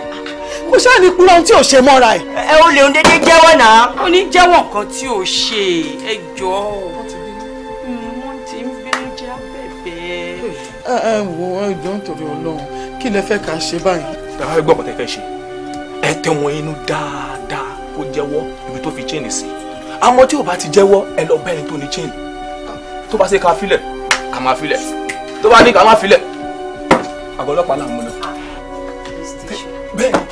mo ṣáà ní kúrò ohun tí ò ṣe mọ́ra ẹ̀. ẹ o lè ń dédé jẹ́wọ́ náà. ó ní bẹ́ẹ̀. ẹ ẹ wo ẹjọ nítorí Ọlọ́run kí lẹ fẹ́ ká ṣe báyìí. ẹ fẹ́ gbọ́ ọ̀kọ̀tẹ̀ fẹ́ ṣe ẹ tẹ̀wọ̀n inú dáadáa kó jẹ́wọ́ ibi tó fi chain sí àmọ́ tí ò bá ti jẹ́wọ́ ẹ lọ bẹ́ẹ̀ ni tó ní chain tó bá ṣe ká filẹ̀ ká máa filẹ̀ tó bá ní ká máa filẹ̀ àgọ́ ọlọ́pàá làwọn mọ̀ náà. bẹ́ẹ̀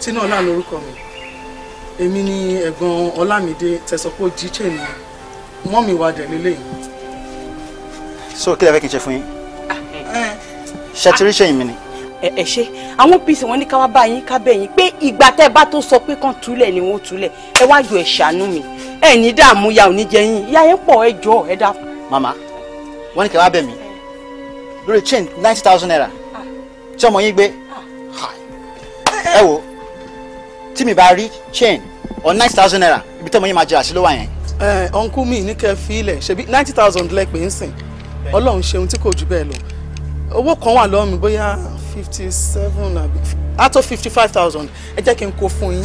tí náà láà lórúkọ mi èmi ni ẹ̀gbọ́n ọlámídé tẹ̀sọ́pọ̀ jíjẹ́ mi mọ́ mi wà dẹ̀ lélẹ́yìn. so kí lè fẹ́ kí n ṣe fún yín eh. ṣàtìríṣẹ́ yìí mi ni. ẹ ẹ ṣe àwọn pc wọn ní ká wá bá yín ká bẹ̀ yín pé ìgbà tẹ́ bá tó sọ pé kàn túlẹ̀ ni wọ́n túlẹ̀ ẹ wá yọ ẹ̀ ṣàánú mi ẹ ní dààmú ya ò ní jẹ yín ìyá yẹn pọ̀ ẹ jọ ẹ dá. màmá wọn ní kí wá bẹ̀ mí lórí chain ninety thousand naira tí ah. ọmọ yín gbé ah. ẹ wò tí mi bá rí chain or nine thousand naira ibi tọ́mọ yín máa jẹrà sí ló wà yẹn. ẹ ọ̀nkú mi ní kẹ́ fi ilẹ̀ ṣebí ninety thousand lẹ́pẹ̀ ń sìn ọlọ́run ṣeun tí kò jù bẹ́ẹ̀ lọ owó kan wà lọ́wọ́ mi bóyá fifty seven àbí àtọ́ fifty five thousand ẹ jẹ́ kí n kó fún yín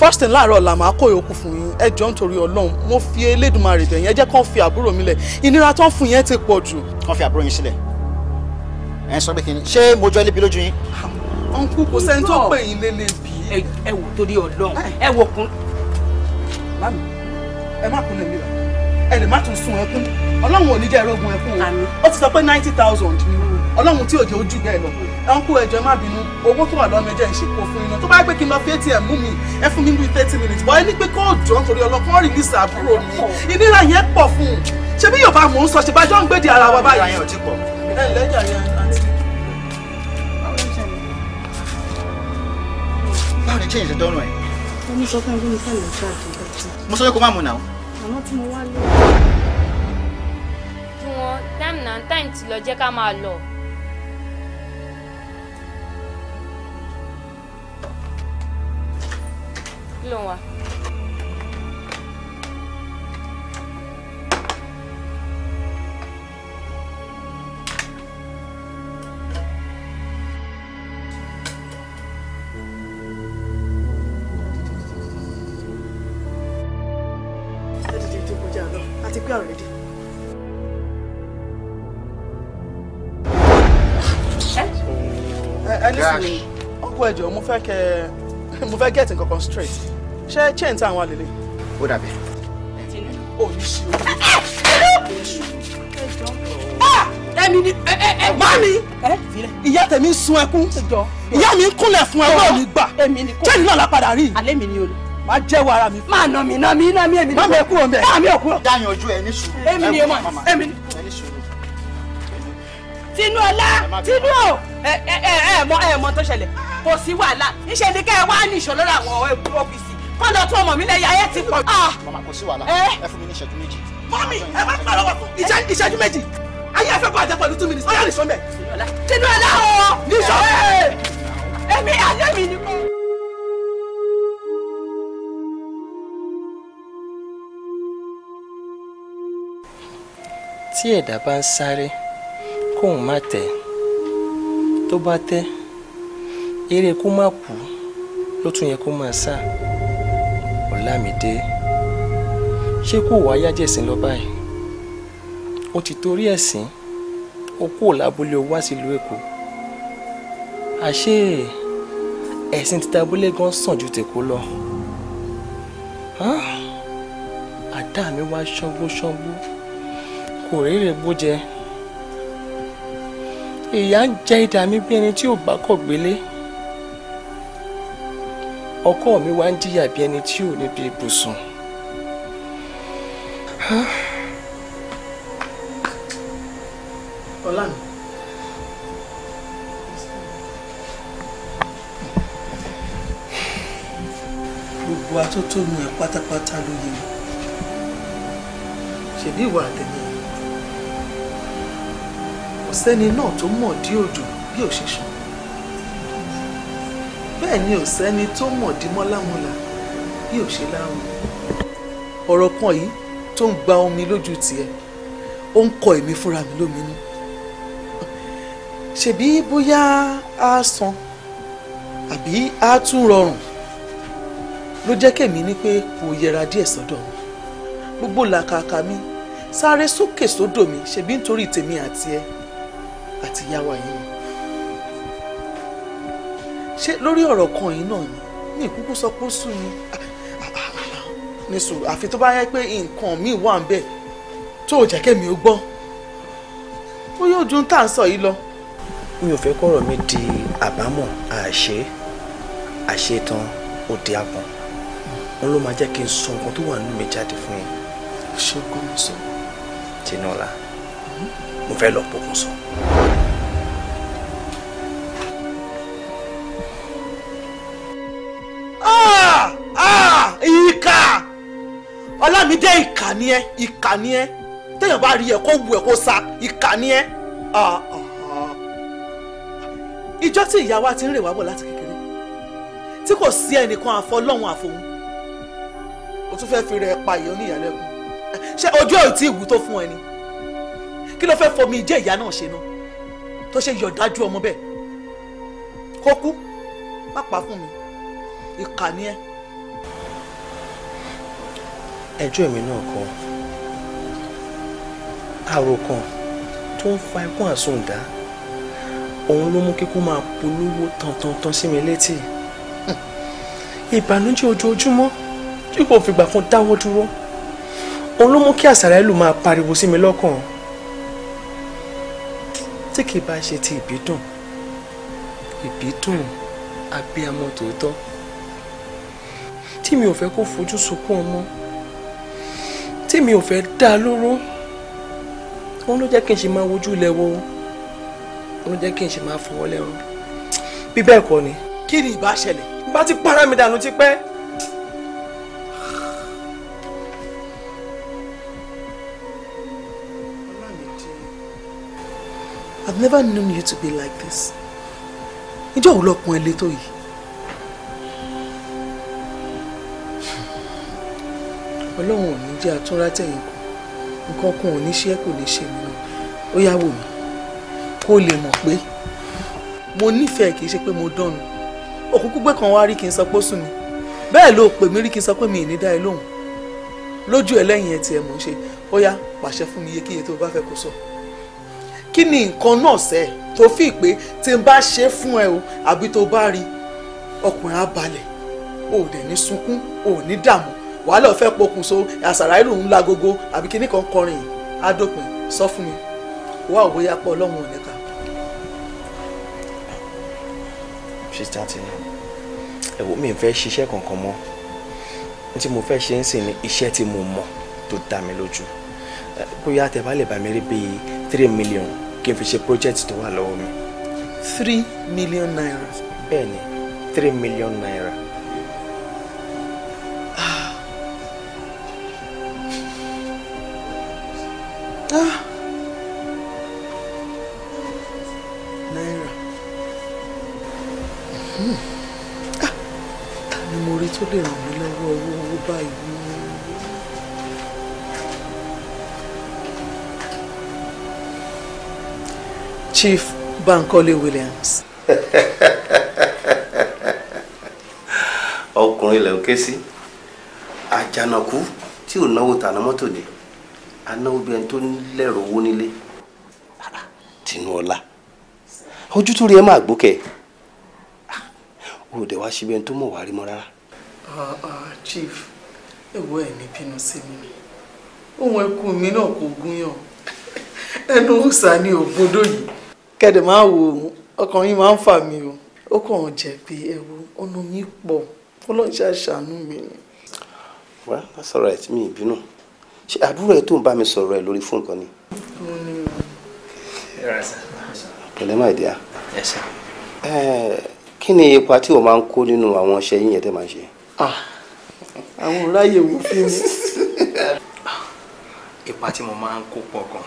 first thing láàárọ̀ là máa kó yòókù fún yín ẹ jọ̀ọ́ nítorí ọlọ́run mo fi elédùnmarè bẹ̀ yẹn ẹ jẹ́ kán fi àbúrò mi lẹ̀ ìnira tán fún yẹn ti pọ̀ jù. wọ́n fi àbúrò yín sílẹ̀ ẹ̀ ń sọ pé kí ni ṣé mo jọ ẹlẹ́bi lójú yín. ọ̀nkú kò sẹ́ni tó pè yín lélẹ́bi ẹ wò torí Ọlọ́run ẹ wò kún. mami ẹ má kún lèmi rà ẹ lè má tún sun ẹkún Ọlọ́run ò ní jẹ́ ẹrógun ẹkún o ó ti sọ pé ninety thousand ni Ọlọ́run tí òjò ojú bẹ́ẹ̀ lọ ẹ ń kó ẹjọ́ má bínú owó tó wà lọ́mọ ẹjẹ́ ń ṣe kó fún iná tó bá gbé kí n lọ fi atm mú mi ẹ fún mi ní thirty minutes bọ́ ẹ ní pé kó jọ nítorí ọlọ́kùnrin rìlíìsì àbúrò mi ìnira yẹn pọ̀ fún un ṣé bí Yorùbá mò ń sọ ṣe bá jọ ń gbèdì ara wa báyìí. ẹ lẹ́yìn àyẹ̀ àti báwo ni change ṣe dọ́rùn ẹ̀. mo sọ fún ẹgbẹ́ mi fẹ́ lọ́ọ́ ṣáà tó bẹ́ẹ̀ tí. mo sọ pé kó má mu nà àmọ́ tí mo wá lé. ju wọn time na time ti lọ jẹ́ ká máa lọ. kí ló ń wá. me. ọkọ ẹjọ mo fẹ́ kẹ́ mo fẹ́ get nǹkan kan straight ṣé chain tí àwọn àlele. ó dàbí. ó ní ṣe o. Ah! ẹmi ni má mi ìyá tèmi ń sun ẹkún ìyá mi ń kúnlẹ̀ fún ẹ náà nígbà chain náà la padà rí. alẹ́ mi ni o lò má jẹ́wọ́ ara mi. máa nà mí nà mí nà mí èmi nìkan. má mi ẹkú omi ẹ. má mi ẹkú. dáyọ̀ ojú ẹ ní sùúrù. èmi ni èmi èmi ni. tinú ọlá tinú o ẹ ẹ mọ ẹ mọ tó ṣẹlẹ̀ kò sí wàhálà níṣẹ́ ni kẹ́ ẹ wá ní ìṣòro lọ́dọ̀ àwọn ọ́fíìsì kọ́ lọ tún ọmọ mi lẹ́yìn ayé ti pọ̀. Ah! mama kò sí wàhálà ẹ fún mi ní ìṣẹ́jú méjì. mọ́mí ẹ má gbà lọ́wọ́ ìṣẹ́jú méjì ayé ẹ fẹ́ bọ́ àjẹ pẹ̀lú two minutes ọ̀yọ́ nìṣọ́ mẹ́. tinú ẹ láwọ̀ nìṣọ́ ẹ ẹ̀mí ayé mi ni kò. tí ẹ̀dá bá ń sáré kóun má tẹ̀ tó bá tẹ́ eré kó má kú ló tún yẹ kó máa sá Ọlámídé ṣé kò wá yájẹ̀sìn lọ báyìí ó ti torí ẹ̀sìn ó kó lábúlé ó wá sílùú Èkó àṣé ẹ̀sìn títa abúlé gan sàn ju tèkó lọ àdá mi wá ṣọ́gbó ṣọ́gbó kò rèrè bó jẹ́ ìyá ń jẹ ìdá mi bí ẹni tí ò bá kọ̀ gbélé ọkọ mi wá ń jìyà bí ẹni tí ò níbi ibùsùn. ọlá mi. gbogbo atótónu ẹ pátápátá ló yẹ mi ṣèbí ìwà àtẹ̀mí kò sẹ́ni náà tó mọ̀ dí òjò bí ò ṣe ṣàn bẹ́ẹ̀ ni ò sẹ́ni tó mọ̀ dí mọ́lámọ́lá bí ò ṣe láwọn ọ̀rọ̀ kan yìí tó ń gba omi lójú tiẹ̀ ó ń kọ èmi fúnra mi lóminú ṣebí bóyá á san àbí á tún rọrùn ló jẹ́ kèmi ní pé kò yẹra díẹ̀ sọ́dọ̀ mi gbogbo làkàkà mi sáré sókè sódò mi ṣebí nítorí tèmi àti ẹ àti ìyáwó ayé mi ṣé lórí ọ̀rọ̀ kan yìí náà ni ní ìkúkú sọ pé ó sùn ni ní sùn àfi tó bá yẹ pé nǹkan míì wà ń bẹ̀ tó ò jẹ́ kẹ́mi ó gbọ́ ó yóò ju tá à ń sọ yìí lọ. mi ò fẹ́ kọ̀rọ̀ mi di àbámọ̀ àṣé àṣetán òde àpọ̀n wọn ló máa jẹ́ kí n sọ nǹkan tó wà nínú mi jáde fún yín. ṣé o kọ́ mi sọ. Tinúọlá mo fẹ́ lọ pokùn sọ. So. ìkà ni ẹ ìkà ni ẹ téèyàn bá rí ẹ kó wù ẹ kó sa ìkà ni ẹ. Ah, ah, ah. ìjọ tí ìyá wa ti ń rè wá bọ̀ láti kékeré tí kò sí ẹnìkan àfọlọ́hún àfọ̀hún o tún fẹ́ fi rẹ̀ pa ìyá oníyàlẹ́kùn ṣé ojú ẹ̀ ò tí ì wú tó fún ẹ ni kí ló fẹ́ fomi ìjẹ́ ìyá náà ṣe náà tó ṣe yọ̀dájú ọmọ bẹ́ẹ̀ kó kú má pa fún mi ìkà ni ẹ ẹjọ́ èmi náà kọ àròkàn tó ń fa ikú àsundá òun ló mú kíkú máa polówó tantantan sí mi létí ìbànújẹ́ ojoojúmọ́ tí kò fìgbà kan dáwọ́ dúró òun ló mú kí àṣàrà ìlú máa pariwo sí mi lọ́kàn tí kì í bá ṣe ti ìbídùn ìbídùn abiyamọ tòótọ́ tí mi ò fẹ́ kó fojú sunkún ọmọ tí mi ò fẹ́ dá lóró òun ló jẹ́ kí n ṣe máa wojú ilẹ̀ òun ló jẹ́ kí n ṣe máa fọwọ́ lẹ́rú bí bẹ́ẹ̀ kọ́ ni. kí ni ìbá ṣẹlẹ̀. bá ti para mi dànù ti pẹ́. I've never known you to be like this. Ǹjẹ́ òun lọ pọn ẹ létò yìí? ọlọ́run ò ní jẹ́ àtúnrátẹ̀yìn kù nǹkan kan ò ní ṣe é kò lè ṣe mí náà ó yá wò mí kó lè mọ̀ pé mo nífẹ̀ẹ́ kì í ṣe pé mo dànù òkúkú pé kan wá rí kí n sọ pé ó sùn mí bẹ́ẹ̀ ló pè mí rí kí n sọ pé mi ì ní dá ẹ lóhùn lójú ẹ ẹ tiẹ̀ mò ń ṣe ó yá pàṣẹ fún mi iyekíye tó o bá fẹ́ kó sọ kí ni nǹkan náà ṣe tó fi pé tí n bá ṣe fún ẹ o àbí tó bá rí ọkùnrin á balẹ̀ o ò dẹ̀ ní sunkún o ò ní dààmú wàhálà ọ̀fẹ́ pokùnso àṣàráìlù ń la gogo àbí kíní kan kọrin adópin sọ fún mi wá ò bóyá pọ̀ ọlọ́run òníkà. sista ti ní ẹ̀wọ́ mi fẹ́ ṣiṣẹ́ kankan mọ́ tí mo fẹ́ ṣe ń sìn ní iṣẹ́ tí mo mọ̀ tó dá mi lójú bóyá tẹ bá lè bá mi rí bíi three million kí n fi ṣe project tó wà lọ́wọ́ mi. three million naira. bẹ́ẹ̀ni three million naira. lè ràn mí lọ́wọ́ owó owó báyìí. Chief Bankole Williams. ọkùnrin ilẹ̀ òkè sí àjànàkú tí ò náwó tàná mọ́tò dé anáwó bí ẹni tó lẹ́rọ owó nílé Tinúọlá ojú tó rí ẹ máa gbókè ó ah, dẹ̀ wá síbi ẹni tó mọ̀ wá rí mọ́ rárá chief ẹ̀wọ́ ẹ̀ ní bínú sí mi ni ohun ẹkú mi náà kò gúnyàn ẹnu ọ̀sà ni òbodò yìí kẹ̀dẹ̀ máa wò ó ọkàn yín máa ń fà mí o ó kàn jẹ́ pé ẹ̀wọ́ ọ̀nà yín pọ̀ fọlọ́ọ̀ṣà mi well that's all right mi ìbínú ṣe àbúrò ẹ tó ń bá mi sọ̀rọ̀ ẹ lórí fóònù kan ni. pẹ̀lẹ́ máa dì á. kí ni ipa tí o máa ń kó nínú àwọn ọṣẹ yín yẹn tẹ́ máa ń ṣe. Ah, àwọn òráyè wò fí mi. ipa tí mo máa ń kó pọ̀ gan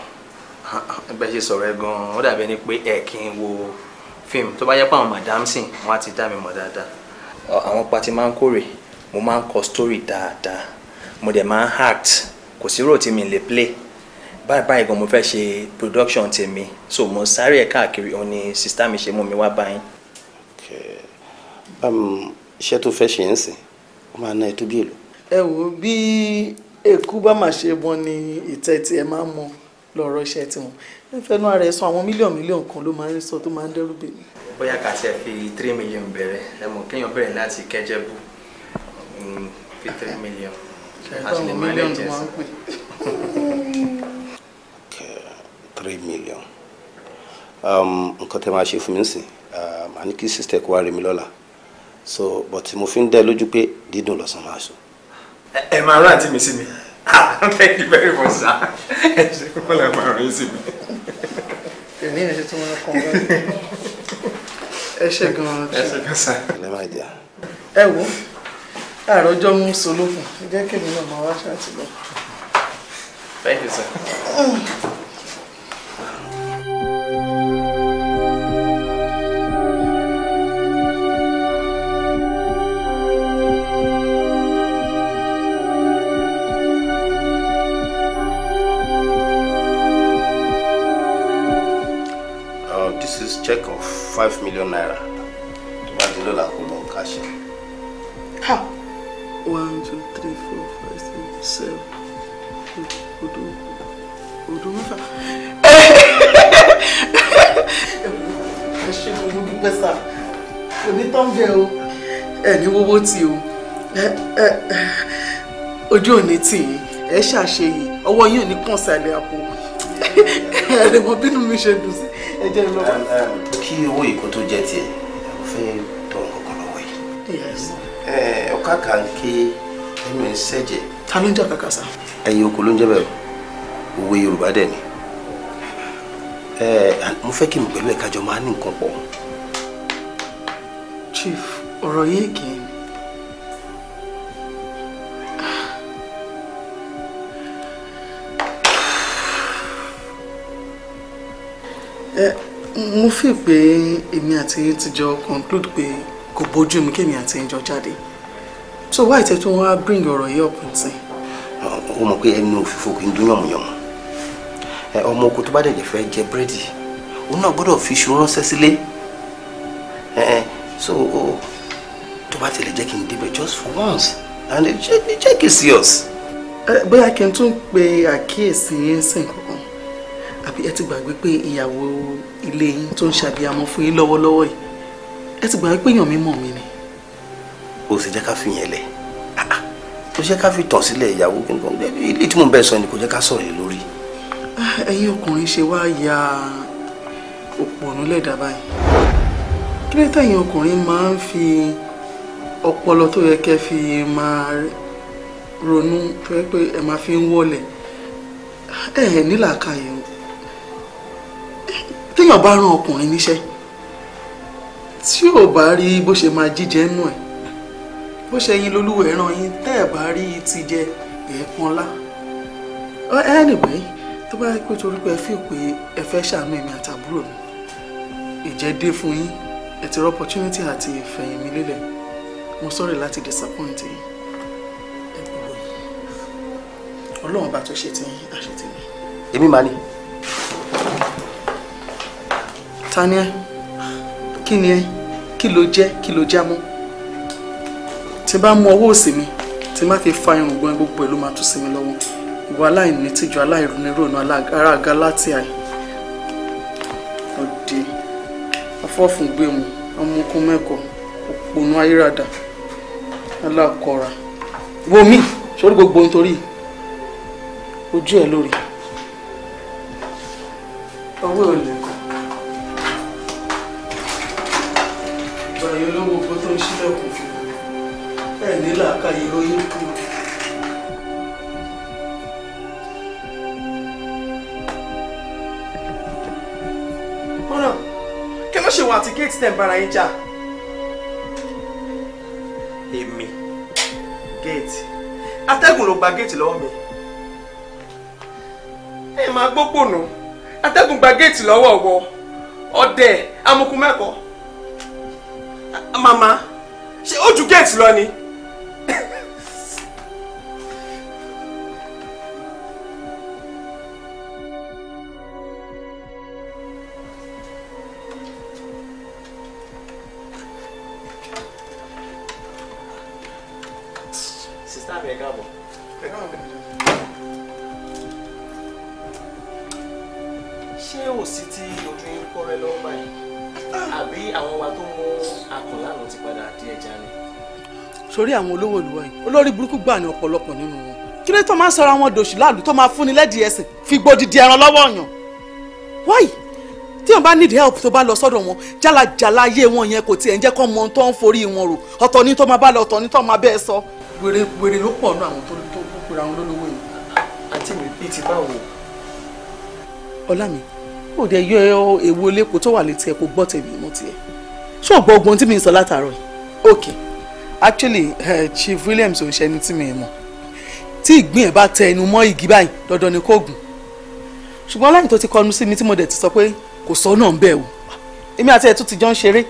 ẹgbẹ́ ṣe sọ̀rọ̀ ẹ gan ó dàbí ẹni pé ẹ kí n wo fíìmù tó bá yẹ pé àwọn madam sìn wọn á ti dá mi mọ̀ dáadáa àwọn ipa tí máa ń kórè mo máa ń kọ story dáadáa mo dẹ̀ máa ń act kò sí rò tí mi lè play báyìí báyìí gan mo fẹ́ ṣe production tèmi so mo sáré ẹ̀ káàkiri òun ni sista mi ṣe mú mi wá báyìí. iṣẹ́ tó fẹ́ ṣe ń sìn máa ná ẹ tó bí èlò. ẹ wo bí èkú bá máa ṣe bọ́n ni ìtẹ́ tí ẹ máa ń mọ lọ́rọ̀ iṣẹ́ tí wọn ẹ fẹ́nu ara ẹ sọ àwọn mílíọ̀nù mílíọ̀nù kan ló máa ń sọ tó máa ń dẹ́rù bèmí. bóyá kà sí ẹ fi three million bẹ̀rẹ̀ ẹ mọ̀ kéèyàn bẹ̀rẹ̀ láti kẹ́jẹ́bù mm, fi three million àti lè máa three million um, nǹkan tẹ́ máa ṣe fún mi ń sìn àní kó wá rí mi lọ́la so but mo fi ń dẹ lójú pé dídùn lọ́sàn máa sùn. ẹ máa rán àǹtí mi sí mi ah, thank you very much sir ẹ ṣe kókó lè máa rán sí mi. èmi ò ṣe tí wọ́n kàn wọ́n ẹ ṣe gan-an. ẹ ṣe gan-an sir. ẹ máa jà. ẹ wo àárọ̀ ọjọ́ mú solókun jẹ́ kí èmi náà máa wá ṣàtìlọ. thank you sir. Ah. five million naira tó bá di lọ́la kó cash? How? one two three four five six seven odò odò mẹ́fà. ẹ ṣe gbogbo dúpẹ́ sá kò ní tán Eh, o ẹ ní wọ́wọ́ tí o ojú òní tì yín ẹ ṣàṣe yìí ọwọ́ yín ò ní Eh, sálẹ̀ àpò ẹ lè Eh, bínú mi ṣe dùn sí ẹ jẹ́ lọ. Um, um, kí owó yìí kó tó jẹ́ tiẹ̀ mo fẹ́ tọrọ kankan lọ́wọ́ yìí. ọ̀kàkà ń ké ẹnu ẹ̀ ń ṣẹ̀jẹ̀. ta ló ń jẹ́ ọ̀kàkà sá. ẹ̀yin oko ló ń jẹ́ bẹ́ẹ̀ òwe Yorùbá dẹ̀ ni mo fẹ́ kí n pẹ̀lú ẹ̀ka jọ máa ní nǹkan pọ̀. Chief ọ̀rọ̀ yìí kì í Yeah. mo fi pé èmi àti yín ti jọ conclude pé kò bójú mi kémi àti yín jọ jáde so why ìtẹ́ tó wá bring ọ̀rọ̀ yìí up ntì. ó mọ̀ pé ẹnu òfìfo kì í dún yànmùyànmù ọmọ oko tó bá dẹ̀ fẹ́ jẹ búrẹ́dì òun náà gbọ́dọ̀ fi iṣu ránṣẹ́ sílé so tó bá tẹ̀lé jẹ́ kí n débẹ̀ just for once and jẹ́ kí serious. bóyá kí n tún pe àkíyèsí yín sìn kankan àbí ẹ ti gbàgbé pé ìyàwó ilé yín tó ń ṣàbíamọ fún yín lọ́wọ́lọ́wọ́ yìí ẹ ti gbà wípé èèyàn mi mọ̀ mí ni. o sì jẹ́ ká fi yẹn lẹ̀ ah, o jẹ́ ká fi tàn sílẹ̀ ìyàwó kankan ilé tí mò ń bẹ̀ sọ ni kò jẹ́ ká sọ̀rọ̀ yìí lórí. Ah, ẹ̀yin ọkùnrin ṣe wá ya òpònú lẹ́dàá báyìí kí ló tẹ̀yìn ọkùnrin máa ń fi ọpọlọ tó yẹ kẹ́ fi máa ronú tó yẹ pé ẹ máa fi ń wọlẹ̀ ah, ẹ ẹ̀ nílàákàyè o téèyàn bá rán ọkùnrin níṣẹ́ tí ò bá rí bó ṣe máa jíjẹ nù ẹ̀ bó ṣe yin lolúwa ẹ̀ràn yín tẹ́ ẹ̀ bá rí ti jẹ ẹ̀ẹ̀kan lá anyway tó bá pé torí pé ẹ fi pé ẹ fẹ́ ṣàánú èmi àtàbúrò mi ìjẹ́ dé fún yín ẹ ti rọ opportunity àti ìfẹ̀yìn mi lélẹ̀ mo sorry láti disappoint yín ẹ ọlọ́run bá tó ṣe ti yín àṣetì mi. èmi máa ní. Tania, ni ẹ kí ni ẹ kí ló jẹ́ kí ló jámọ́ tí bá mú ọwọ́ òsì mi tí má fi fa irun gbọ́n gbogbo ẹ̀ ló máa tú sí mi lọ́wọ́ ìwà aláìní tìjú aláìronírònú ará Gálátíà òde afọ́fún gbẹ̀mù ọmọkùn mẹ́kọ̀ọ́ òpònú ayérada alákọ̀ọ́ra wo mi sórí gbogbo nítorí ojú ẹ̀ lórí ọwọ́ ò ní làákàyè lóyún kù. mọ́nà kí ló ṣe wà àti gate ten bara yín jà. èmi gate atẹ́gùn ló gba gate lọ́wọ́ mi ẹ máa gbópònà atẹ́gùn gba gate lọ́wọ́ ọ̀wọ́ ọdẹ amukumẹ́kọ̀ọ́ màmá ṣe ojú gate lọ ni. olówó ìlú ẹ̀yìn olórí burúkú gbà ní ọ̀pọ̀lọpọ̀ nínú wọn kí ló tó máa ń sọra wọn dòṣì láàlú tó máa fún ni lẹ́dìí ẹ̀sìn fi gbòdìdì ẹran lọ́wọ́ yàn wáyì tí wọn bá need help tó bá lọ sọ́dọ̀ wọn jálajàla ayé wọn yẹn kò tiẹ̀ ń jẹ́ kó mọ ohun tó ń forí wọn rò ọ̀tọ̀ ni tó máa bá lọ ọ̀tọ̀ ni tó máa bẹ́ẹ̀ sọ. wèrè wèrè ló pọ̀ nù àwọn tó tó pera wọn lólówó yìí àti mi bíi ti báwo. ọlá mi ò dé yọ èwo lẹ́kọ̀ọ́ tó wà létí ẹ̀ kó gbọ́ tèmi mọ́ tiẹ̀ ṣé o gbọ́ ogun tí mi ń sọ látàárọ̀ yìí. okay actually eh, Chief Williams ò ṣe ẹni tí mi mọ̀ tí ìgbín ẹ̀ bá tẹ ẹnu mọ́ igi báyìí dandan ni kò gùn ṣùgbọ́n lẹ́yìn tó ti kọnu sí mi tí mo dẹ̀ ti sọ pé kò sọ náà ń bẹ̀ o èmi àti ẹ̀ tún ti jọ ń ṣeré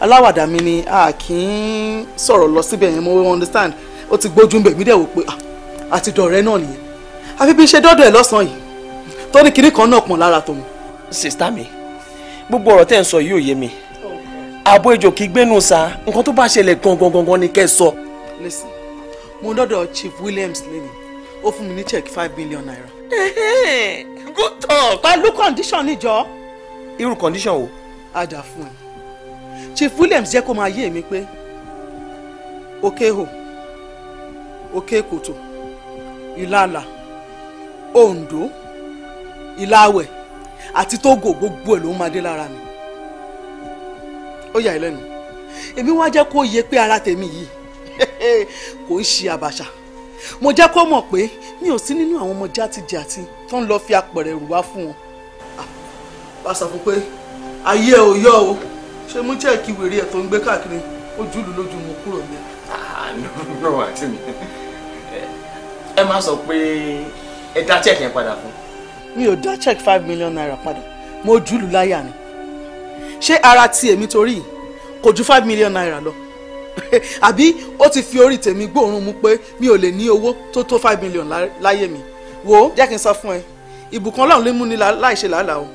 aláwàdà mi ni a kì í sọ̀rọ̀ lọ síbẹ̀ yẹn mo understand ó ti gbójú ń bẹ̀ mí dẹ̀ wò pé ah, àti dọ̀rẹ́ náà nìyẹn àfi bí ṣe dọ́dọ̀ ẹ̀ lọ́sàn-án yìí tó ní kinní kan náà pọ̀n lára tòun. sista mi gbogbo ọ̀rọ̀ tẹ́ ń sọ yìí ò yé mi àbọ̀ ìjọ kì í gbénu sa nǹkan tó bá ṣẹlẹ̀ gangan gangan ni kẹ́ ẹ sọ. listen mo dọ́dọ̀ chief williams lẹ́nu ó fún mi ní check five billion naira. good talk. pẹ̀lú condition níjọ. irú condition wo. ajá fún ẹ chief williams jẹ́ kó máa yé mi pé òkè hò òkè kòtò ìlàlà ondo Ilawe. àti tógo gbogbo ẹ̀ ló máa dé lára mi ó yà ẹ́ lẹ́nu èmi wá jẹ́ kó yẹ pé ara tèmi yìí kò ń ṣe àbàṣà mo jẹ́ kó mọ̀ pé mi ò sí nínú àwọn ọmọ játijàti tó ń lọ fi apẹ̀rẹ̀ rù wá fún wọn. bá a fún pé ayé ò yọ o ṣé mú chẹ́ẹ̀kì wèrè ẹ̀ tó ń gbé káàkiri ojú ìlú lójú mo kúrò ní. Ah, no àti mi ẹ má sọ pé ẹ dá chẹ́ẹ̀kì yẹn padà fún. mi ò dá chẹ́ẹ̀kì five million naira padà mo jùlù láyà ni ṣé ara ti èmi torí kò ju five million naira lọ àbí ó ti fi orí tèmi gbóòórùn mu pé mi ò lè ní owó tó tó five million láyé mi wò jẹ́ kí n sọ fún ẹ ìbùkún ọlọ́run lè mú ni láìṣe làálàá o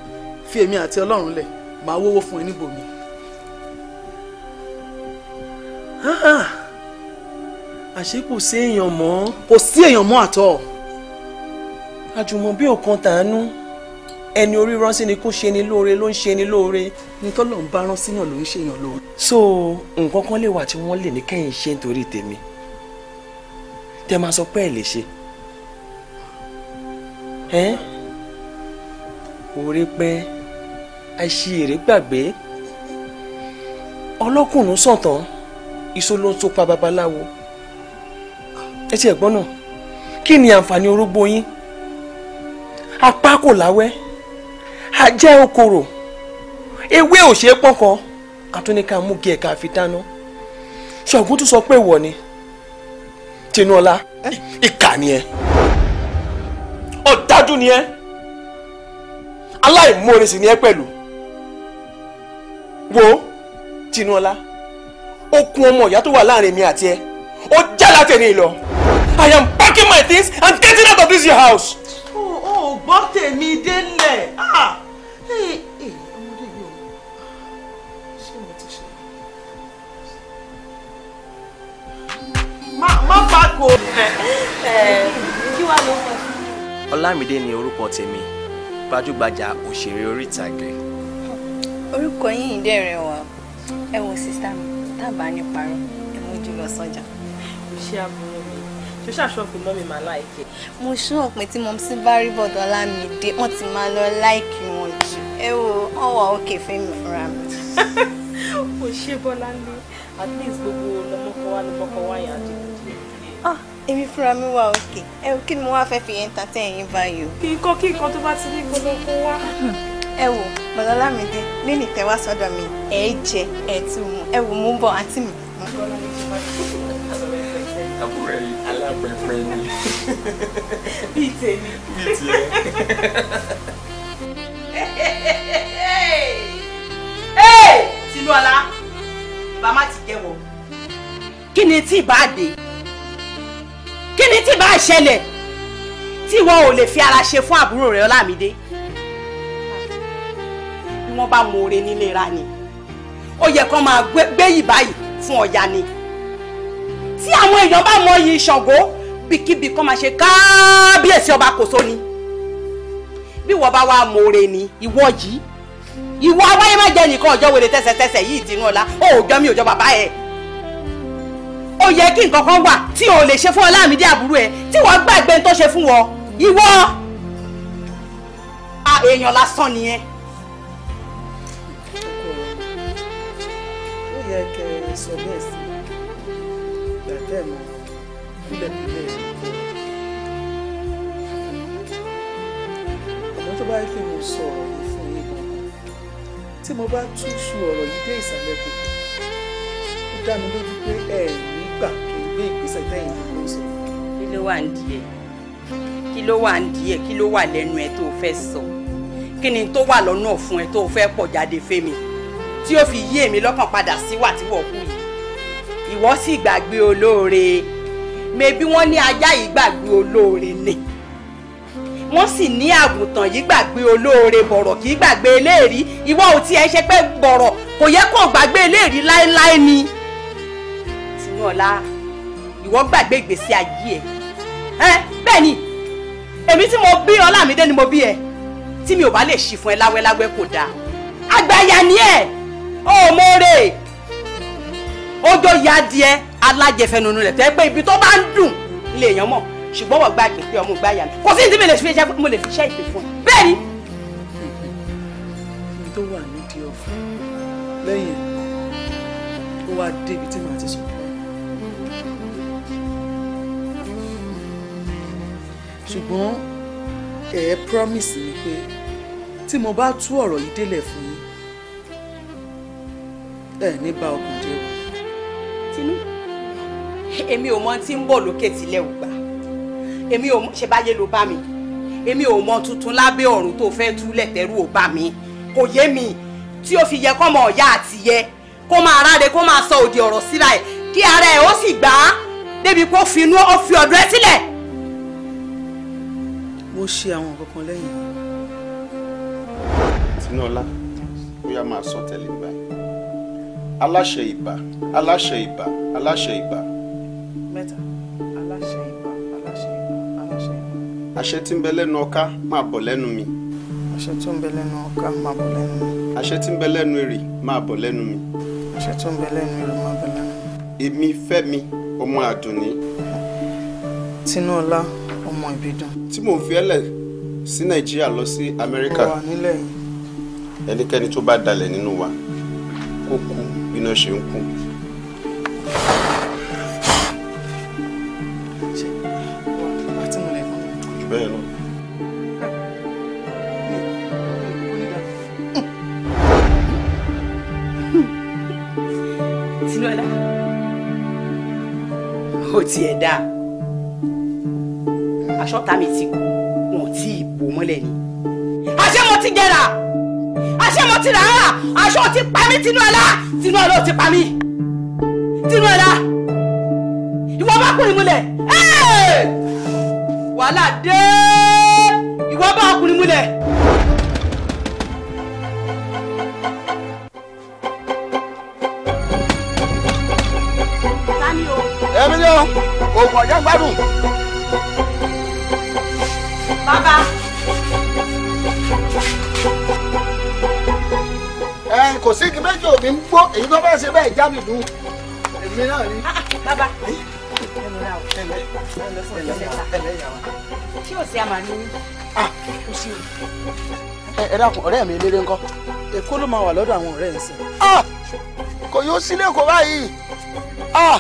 fi èmi àti ọlọ́run lẹ̀ màá wówó fún ẹ níbòmí. àṣé kò sí èèyàn mọ́. kò sí èèyàn mọ́ àtọ́. àjùmọ̀ bí òkan tàánú ẹni orí ránṣẹ́ ni kó ṣe ni lóore ló ń ṣe ni lóore ní tọ́lọ̀ ń bá ránṣẹ́ yàn ló ń ṣe yàn lóore. so nǹkan kan lè wà tí wọ́n lè ní kẹ́yìn ṣe nítorí tèmi tẹ máa sọ pé ẹ lè ṣe ẹ́n òre pẹ́ àṣìírí gbàgbé ọlọ́kùnrin sọ̀tàn iṣó ló ń tó pa babaláwo ẹ ti ẹ̀ náà kí ni àǹfààní orógbó yín apá kò láwẹ́ ajẹ́ okòrò ewé ò ṣe é pọ́kàn àtúnika mú ẹ̀ka fi dáná ṣọ̀gùn tún sọ pé ìwọ ni tinúọlá ìkà ni ẹ ọ̀dájú ni ẹ aláìmoore sì ni ẹ pẹ̀lú wo tinúọlá okun ọmọ ìyá tó wà láàrin mi àti ẹ ó já láti ẹni lọ I am packing my things and getting out of this your house. o ò gbọ́ tèmi délẹ̀. Ah ọmọdé yìí o ṣé mo ti ṣe. má bá kó. kí wàá ló fà. Ọlámídé ni orúkọ tèmi gbajúgbajà òṣèré orí ìtàgé. orúkọ yìí dẹ̀rẹ̀ wá ẹ wo sísá mi tábà ní parọ́ ẹ mú jù sọ́jà. iṣẹ́ àbúrò ṣe ṣàṣọ pé mọ́mí máa láìkẹ́. mo ṣúwọ̀n pé tí mọ̀mísí bá rí bọ̀dọ̀ Ọlámídé wọ́n ti máa lọ láìkì wọn jù ẹ wo ọwọ́ òkè fún mi fúnra mi. kò ṣe bọ́lá ní at least gbogbo lọmọkọ wa lọmọkọ wa yà á dé. èmi fúnra mi wà òkè ẹ kí ni mo wá fẹ́ fi entertain yín báyìí o. kí n kọ́ kí nǹkan tó bá ti ní gbogbo wá. ẹ wo bọ̀dọ̀ Ọlámídé lẹ́nu ìtẹ́wá sọ́dọ̀ mi ẹ̀ jẹ ẹ̀ tún mu ẹ wo mo ń bọ̀ àǹtí mi pẹpẹ ni. bíi tèmi. bíi tiẹ. tinúọlá bá má ti ba kí ni tí bá dé kí ni tí fi ara ṣe fún àbúrò rẹ̀ ọlámídé bí wọ́n ba mọ oore ra ni ó yẹ kó máa gbé yìí bayi fun oya ni tí àwọn èèyàn bá mọ iyì Ṣàngó bíkíbi kan máa ṣe káábíyèsí ọba kòsó ni bí wọ́n bá wá mọ̀ọ́rẹ́ ni ìwọ yìí ìwọ awáyé má jẹ́ nìkan ọjọ́ wèrè tẹ́sẹ̀tẹ́sẹ̀ yìí ti ràn ọ́lá ó jọ mi ò jọ bàbá ẹ̀ ó yẹ kí nǹkan kan wà tí ò lè ṣe fún Ọlámídé àbúrò ẹ̀ tí wọ́n gbàgbé tó ṣe fún wọn ìwọ èèyàn lásán nìyẹn. ó yẹ kẹ́ ẹ sọ bẹ́ẹ̀ sí bẹ́ẹ̀ mọ́ bílẹ̀bílẹ̀ ìsìnkú àmọ́ tó bá yẹ kí mo sọ ọ̀rọ̀ yìí fún yín gan-an tí mo bá túṣu ọ̀rọ̀ yìí dé ìsàlẹ̀ kò ó dá mi lójú pé ẹ nígbà kí n gbé ìgbésẹ̀ tẹ́yìn ní mo sọ. kí ló wà ń di ẹ kí ló wà ń di ẹ kí ló wà lẹ́nu ẹ tó fẹ́ sọ kí ni tó wà lọ́nà fún ẹ tó fẹ́ pọ̀ jáde fẹ́mi tí ó fi yí èmi lọ́kàn padà sí wà tí wọ́n kú yìí ìwọ sì gbàgbé olóore mebí wọ́n ní ajá yìí gbàgbé olóore ni wọ́n sì ní àgùntàn yìí gbàgbé olóore bọ̀rọ̀ kì í gbàgbé eléèrí ìwọ ò tiẹ̀ ṣe pé bọ̀rọ̀ kò yẹ kó gbàgbé eléèrí láéláé ni Tinúọlá ìwọ gbàgbé ìgbésí ayé ẹ ẹ bẹ́ẹ̀ ni èmi tí mo bí Ọlámídé ni mo bí ẹ tí mi ò bá lè ṣì fún ẹ láwẹ́láwẹ́ kò dáa àgbàyà ni ẹ ò mọ̀ọ́rẹ́ ọjọ́ ya díẹ̀ alájẹfẹnunu rẹ̀ tẹ́ pé ibi tó bá ń dùn lè yàn mọ̀ ṣùgbọ́n wọ́n gbàgbé pé ọmọ gbáyà mi kò sí ìdí mi lè fi ṣe mo lè fi ṣe ìpè fún ẹ bẹ́ẹ̀ ni. ibi tó wà nídìí ọ̀fun lẹ́yìn ó wá débi tí màá ti sọ. ṣùgbọ́n ẹ̀ ẹ́ promise mi pé tí mo bá tú ọ̀rọ̀ yìí délẹ̀ fún yín ẹ̀ ní bá ọkàn jẹ́ bínú èmi ò mọ tí ń bọ̀ lókè tilẹ̀ ò gbà èmi ò ṣe báyé ló bá mi èmi ò mọ tuntun lábẹ́ ọ̀run tó fẹ́ tú lẹ̀tẹ̀rù ò bá mi kò yé mi tí ó fi yẹ kọ́mọ ọ̀yá àti yẹ kó máa ráre kó máa sọ òdì ọ̀rọ̀ síra ẹ̀ kí ara ẹ̀ ó sì gbà á débi kó fi inú ó fi ọ̀dọ̀ ẹ sílẹ̀. mo ṣe àwọn nǹkan kan lẹ́yìn. tinúọlá bóyá máa sọ tẹ̀lé báyìí aláṣẹ ìbà aláṣẹ ìbà aláṣẹ ìbà. mẹ́ta aláṣẹ ìbà aláṣẹ ìbà aláṣẹ ìbà. àṣẹ tí ń bẹ lẹ́nu ọká máa bọ̀ lẹ́nu mi. àṣẹ tí ń bẹ lẹ́nu ọká máa bọ̀ lẹ́nu mi. àṣẹ tí ń bẹ lẹ́nu èrè máa bọ̀ lẹ́nu mi. àṣẹ tí ń bẹ lẹ́nu èrè máa bọ̀ lẹ́nu mi. èmi fẹ́mi ọmọ àdùnní. tinúọlá ọmọ ìbídùn. tí mò ń fi ẹlẹ sí nàìjíríà lọ sí amẹ́ríkà. ó wà nílẹ̀ yìí. ẹnikẹ́ni tó bá dalẹ̀ nínú wa kó kú bí iná ṣe ń kú. bẹ́ẹ̀ lọ. Tinúọlá, ó tiẹ̀ dáa. Aṣọ́ta mi ti kú, wọn ò tí ì bò mọ́lẹ̀ ni. Àṣé mo ti jẹ́ra àṣẹ mo ti rà á aṣọ ti pa mí tinú ọlá tinú ọlá ò ti pa mí tinú ọlá ìwọ bá kùnrin múlẹ̀ wàhálà dé ìwọ bá kùnrin múlẹ̀. Emilio, oògùn ọ̀jẹ̀ gbádùn. Bàbá kò sí igi méjì òbí ń gbó èyí tó bá ṣe bẹ́ẹ̀ já mi dùn èmi náà ni. bàbá tí ò sí àmàlú ah, ẹ dákun ọ̀rẹ́ mi eléré ńkọ́ èkó ló máa wà lọ́dọ̀ àwọn ọ̀rẹ́ ẹ̀ sìn. Ah, kò yóò sí lẹ́kọ̀ọ́ báyìí ah,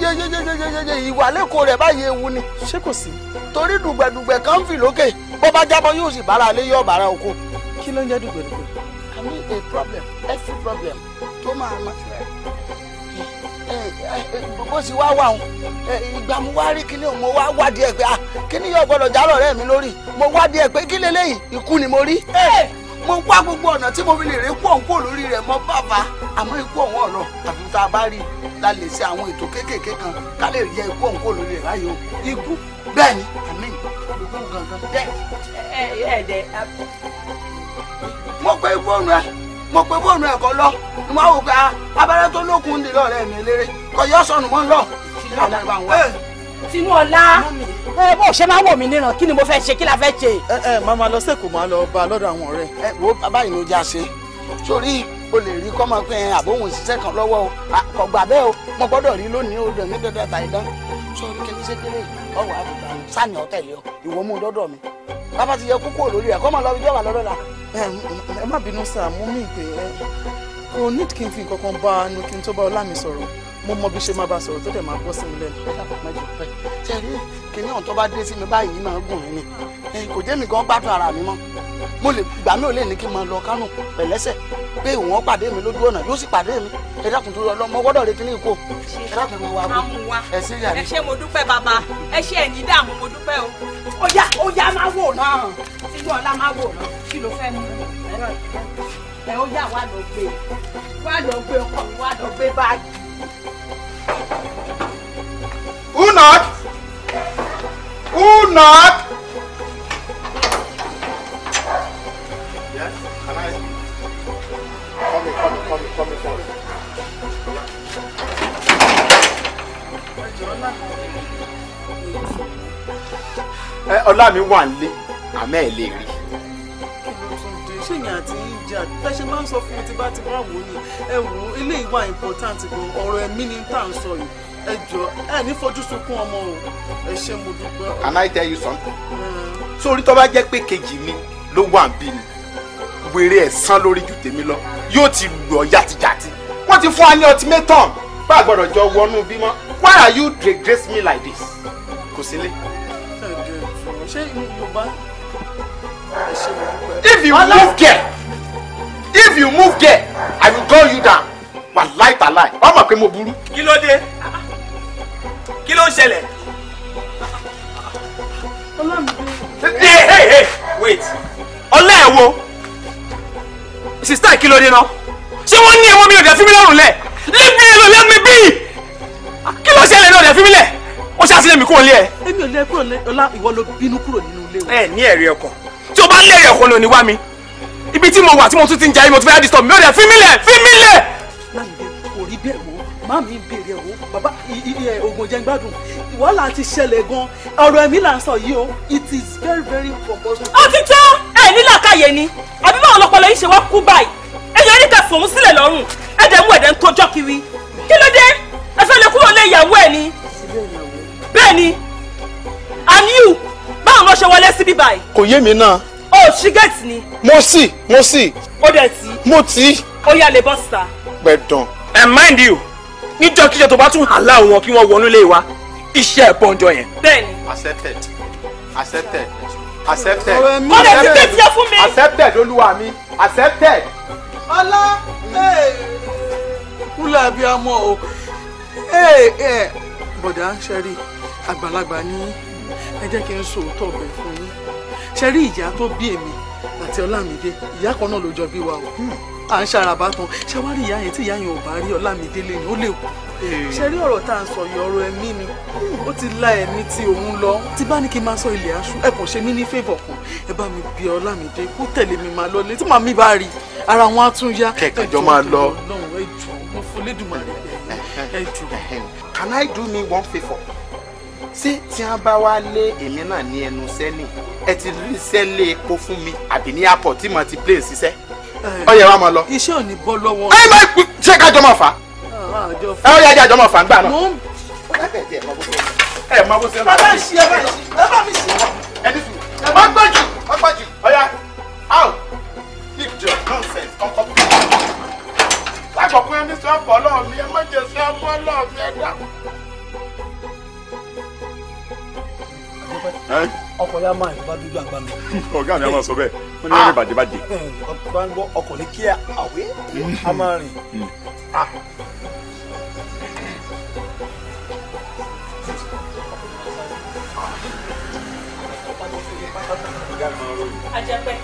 yeyeyeyeyeye ìwà lẹ́kọ̀ọ́ rẹ̀ báyìí ewu ni. ṣé kò sí. torí dùgbẹ̀dùgbẹ̀ kan ń fì lókè bó bá jábọ́ yóò sì bára alé yóò bára oko. kí ló ń jẹ́ dùgbẹ̀dùgbẹ̀? a problem every problem tó máa ma fẹ́ bó sì wá wà ìgbà mo wá rí kíní mo wá wádìí ẹ pé ah kíní yóò gbọ́dọ̀ járọ ọ̀rẹ́ mi lórí mo wádìí ẹ pé kí leléyìí ikú ni mo rí mo wá gbogbo ọ̀nà tí mo fi lè rí kú ọ̀hún kò lórí rẹ̀ mọ́ bàbá àmọ́ ikú ọ̀hún ọ̀nà àfi tá a bá rí la lè ṣe àwọn ètò kéékèèké kan ká lè yẹ ikú ọ̀hún kò lórí rẹ̀ láyò ikú bẹ́ẹ̀ ni àmì ikú gangan bẹ́ẹ̀. ẹ ẹ ẹ dẹ mo pe fóònù ẹ mo pe fóònù ẹ kọ lọ ni mo wò pé ah, abẹ́rẹ́ tó lókun dè lọ́rẹ́ mi eléré kò yọ sọnù mọ́ lọ. Eh, Tinúọlá ẹ eh, bó ṣe máa wò mí níran kí ni mo fẹ́ ṣe kí la fẹ́ ṣe. ẹ eh, ẹ máa lọ sẹ́kọ̀ọ́ máa lọ bá a lọ́dọ̀ àwọn ọ̀rẹ́. ẹ wo bàbá yìí ló já ṣe sórí o lè rí kọ́mọ pé àbóhùn ṣiṣẹ́ kan lọ́wọ́ o ah, kò gbà bẹ́ẹ̀ o mo gbọ́dọ̀ rí lónìí o dẹ̀ mí dẹ́dẹ́ tàyí dán sórí kí n ṣe kéré ọ̀wọ́ àbùkù sani ọ̀tẹ̀lẹ̀ o ìwọ mú dọ́dọ̀ mi bàbá ti yẹ kókó lórí ẹ̀ kọ́ máa lọ ibi ọ̀wà lọ́lọ́la. ẹ má bínú sá mo mí ìpè ẹ o need kí n fi nǹkan kan bá a nu kí n tó bá ọlá mi sọ̀rọ̀ mo mọ bí ṣe máa bá sọ̀rọ̀ tó dẹ̀ máa bọ́ sí mi lẹ́nu. ṣẹ́rí kìnìún ọ̀hún tó bá dé sí mi báyìí máa gùn mí ni kò jẹ́ mi gan gbádùn ara mi mọ́ mo lè gbà mí ò lè ní kí n máa lọ kánò pẹ̀lẹ́sẹ̀ pé ìwọ̀n pàdé mi lójú ọ̀nà yóò sì pàdé mi ẹ dákun tó lọ mọ gbọ́dọ̀ retí ní ìkó ẹ dákun mo wá gbọ́ ẹ sí ìyá ẹ ṣé mo dúpẹ́ bàbá ẹ ṣé ẹ̀ dààmú mo dúpẹ́ o ó yá ó wò náà síjú ọlá má wò náà kí ló fẹ́ mú ẹ ó yá wà lọ gbé wà lọ gbé ọkọ mi wà lọ gbé báyìí. Who not？Who not？ọlá mi wà nílé àmẹ́ ẹ̀ lè rí. ṣèyàn àti ìjà bẹ́ẹ̀ ṣe máa ń sọ fún mi tí bá ti wá wò ó ni ẹ wò ó ilé ìwà important kan ọ̀rọ̀ ẹ̀mí ni tá à ń sọ yìí ẹ jọ ẹ ní fojú sunkún ọmọ o ẹ ṣe mo dúpẹ́. Can I tell you something? sórí tó bá jẹ́ pé kejì mi ló wà ń bí ni wèrè ẹ̀ sán lórí ju tèmi lọ yóò ti lù ọ́ jàtijàti wọ́n ti fún wa ní ultimatum bá a gbọ́dọ̀ jọ Why are you disgrace me like this? kò sílé if you move there if you move there i will call you down But tàláì wàá mọ̀ pé mo burú. kí ló dé kí ló hey hey hey wait ọlẹ́ ẹ̀ Sister, sista kí ló dé náà ṣé wọ́n ní ẹ̀wọ̀n mi ò Leave me alone. Let me be. lọ lẹ́gbẹ̀ẹ́ bíi kí ló ṣẹlẹ̀ ó ṣàtìlẹ́mì kúrò nílé ẹ. èmi ò lé kúrò nílé ọlá ìwọ ló bínú kúrò nínú ilé wa. ẹ ní ẹ̀rí ọkàn tí o bá lé ẹ̀rí ọkàn lò ní wá mi ibi tí mo wà tí mo tún ti ń jayé mo ti fẹ́ disturb mi ó dẹ̀ fi mí lẹ̀ fi mí lẹ̀. láǹdé kò rí bẹ́ẹ̀ wò má mi béèrè o bàbá oògùn jẹ́ gbádùn wàhálà ti ṣẹlẹ̀ gan ọ̀rọ̀ ẹ̀mí là ń sọ yìí o it is very very compulsory. ó ti tó ẹ ní làákàyè ni àbí báwọn ọlọpọlọ yìí ṣe wá kú báyìí ẹyọ ẹni tẹ fòun sílẹ̀ lọ́rùn ẹdẹ mú ẹdẹ ń tójọ kiri kí ló dé ẹ fẹ́ lè kúrò lé ìyàwó ẹ ni. sílẹ̀ ìyàwó bẹ́ẹ̀ ni and you báwo ló ṣe wọlé síbí báyìí. kò yé mi náà. o ṣí gẹ̀ẹ́tì ni. mo ṣí mo ṣí. ó dẹ̀ tí. mo tí. ó yà lè bọ́ síta. gbẹ̀dàn. and mind you níjọ́kíjọ́ tó bá tún hàlá wọn kí wọ́n wọnú ilé wa iṣẹ́ ìbọnjọ yẹn. bẹ́ẹ̀ni. accepted accepted accepted. ó lè ti tètè yẹ fún mi. accepted olúwa mi accepted. ọlá kúlẹ̀ abiyamọ o bọ̀dá ń ṣẹ́rí àgbàlagbà ni ẹ jẹ́ kí n sòótọ́ ọ̀bẹ fún yín ṣe rí ìyá tó bí èmi àti ọlámídé ìyá kan náà ló jọ bí wa o hmm. à ń ṣàràbá tán ṣe wá rí ìyá yẹn tí ìyá yẹn ò bá rí ọlámídé lẹ́yìn ó lè kú ṣe rí ọ̀rọ̀ tá à sọ yìí ọ̀rọ̀ ẹ̀mí ni ó ti la ẹ̀mí ti òun lọ tí bá ní kí n máa sọ ilé aṣọ ẹ kàn ṣe mí ní fèvọ̀ kan ẹ bá mi bí ọlámídé kó tẹ̀lé mi máa lọ lé tí màmí bá rí ara wọn á tún yá kẹkẹjọ máa lọ ẹ jù mo fọlẹ́dùnmọ̀ rẹ ẹ jù. Can I do me one favour? ṣé tí wọ́n bá wá lé èmi náà ní ẹnu sẹ́nì ẹ ti rí sẹ́lé epo fún mi àbí ní airport tí mo ti plane ṣiṣẹ́ ọyẹ wa mọ lọ. iṣẹ́ ò ní bọ́ lọ́wọ́. ẹ má ṣe ká jọmọ fà á ẹ ó yá jẹ àjọmọ fà á gbà náà. ẹ má bó ṣe ń bá mi ṣe ẹ bá mi ṣe ẹ ní sùn ẹ má gbọ́jú má gbọ́jú ọ̀yà out keep your nonsense kọ́kọ́ lágbọ̀kún ẹni sọ́ọ̀bù ọlọ́ọ̀mí ẹ má jẹ sọ́ọ̀bù ọlọ́ọ̀mí pẹ́ ọkọ̀ yà máa ìbá dúdú àgbà mi. ọ̀gá mi a máa sọ bẹ́ẹ̀ wọ́n ní wọ́n ní bàjẹ́ ah! bàjẹ́. ọkọ̀ ní kíá àwé a máa rìn. Hmm. Ah! ajẹ́pẹ́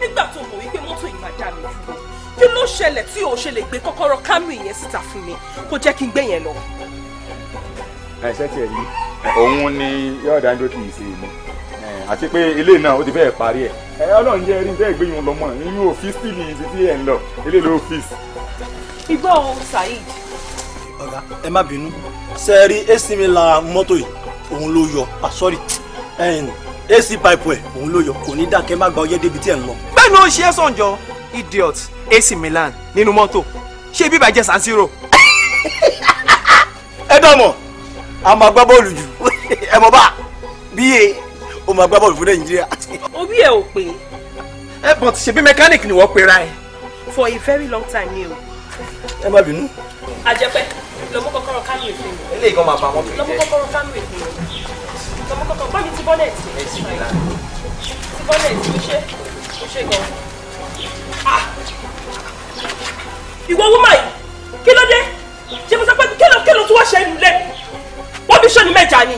nígbà tó mọ̀ wípé mọ́tò yìí máa dá mi dúró kí ló ṣẹlẹ̀ tí o ṣe lè gbé kọ́kọ́rọ́ Camry yẹn síta fún mi kó jẹ́ kí n gbé yẹn lọ. àìsẹ́ tiẹ̀ rí òun ni yóò dájú ti ìṣe mi àti pé ilé náà ó ti fẹ́ẹ̀ parí ẹ̀ ẹ ọlọ́run jẹ́ erin bẹ́ẹ̀ gbéyùn lọ́mọ inú ọ́fíìsì ní ibi ẹ̀ ń lọ ilé ló ọ́fíìsì. igbó Saheed. ọ̀gá ẹ má bínú ṣe rí AC mi lára mọ́tò yìí òun ló yọ ah sorry AC pipe ẹ̀ òun ló yọ kò ní dákẹ́ má gba ọyẹ́ débi tí ẹ̀ ń lọ. bẹ́ẹ̀ ni ó ṣe é sànjọ idiot AC Milan nínú mọ́tò ṣé bíbá jẹ́ San Siro. ẹ dọ̀ mọ̀ a máa gbá bọ́ọ̀lù jù ẹ mọ̀ bá bíye o máa gbá bọ́ọ̀lù fún nàìjíríà. orí ẹ ò pé. ẹ bọ̀ ti ṣe bí mẹkáníìkì ni wọ́n pe ra ẹ. for a very long time ni o. ẹ má bínú. àjẹpẹ lọmọ kọ́kọ́rọ́ kámi ìfún eléyìí kan máa pa wọn pè jẹ lọmọ kọ́kọ́rọ́ kámi ìfún lọmọ kọ́kọ́rọ́ báyìí ti bọ́nẹ̀tì. ẹ sì gbìlà. ti bọ́nẹ̀tì ó ṣe ó ṣe gan. Ah! ìwọ wúmọ̀ yìí kí ló dé ṣé mo pé kí ló kí ló tún wá ṣe é nílẹ̀ wọ́n bí sọ́ni mẹ́ta ni.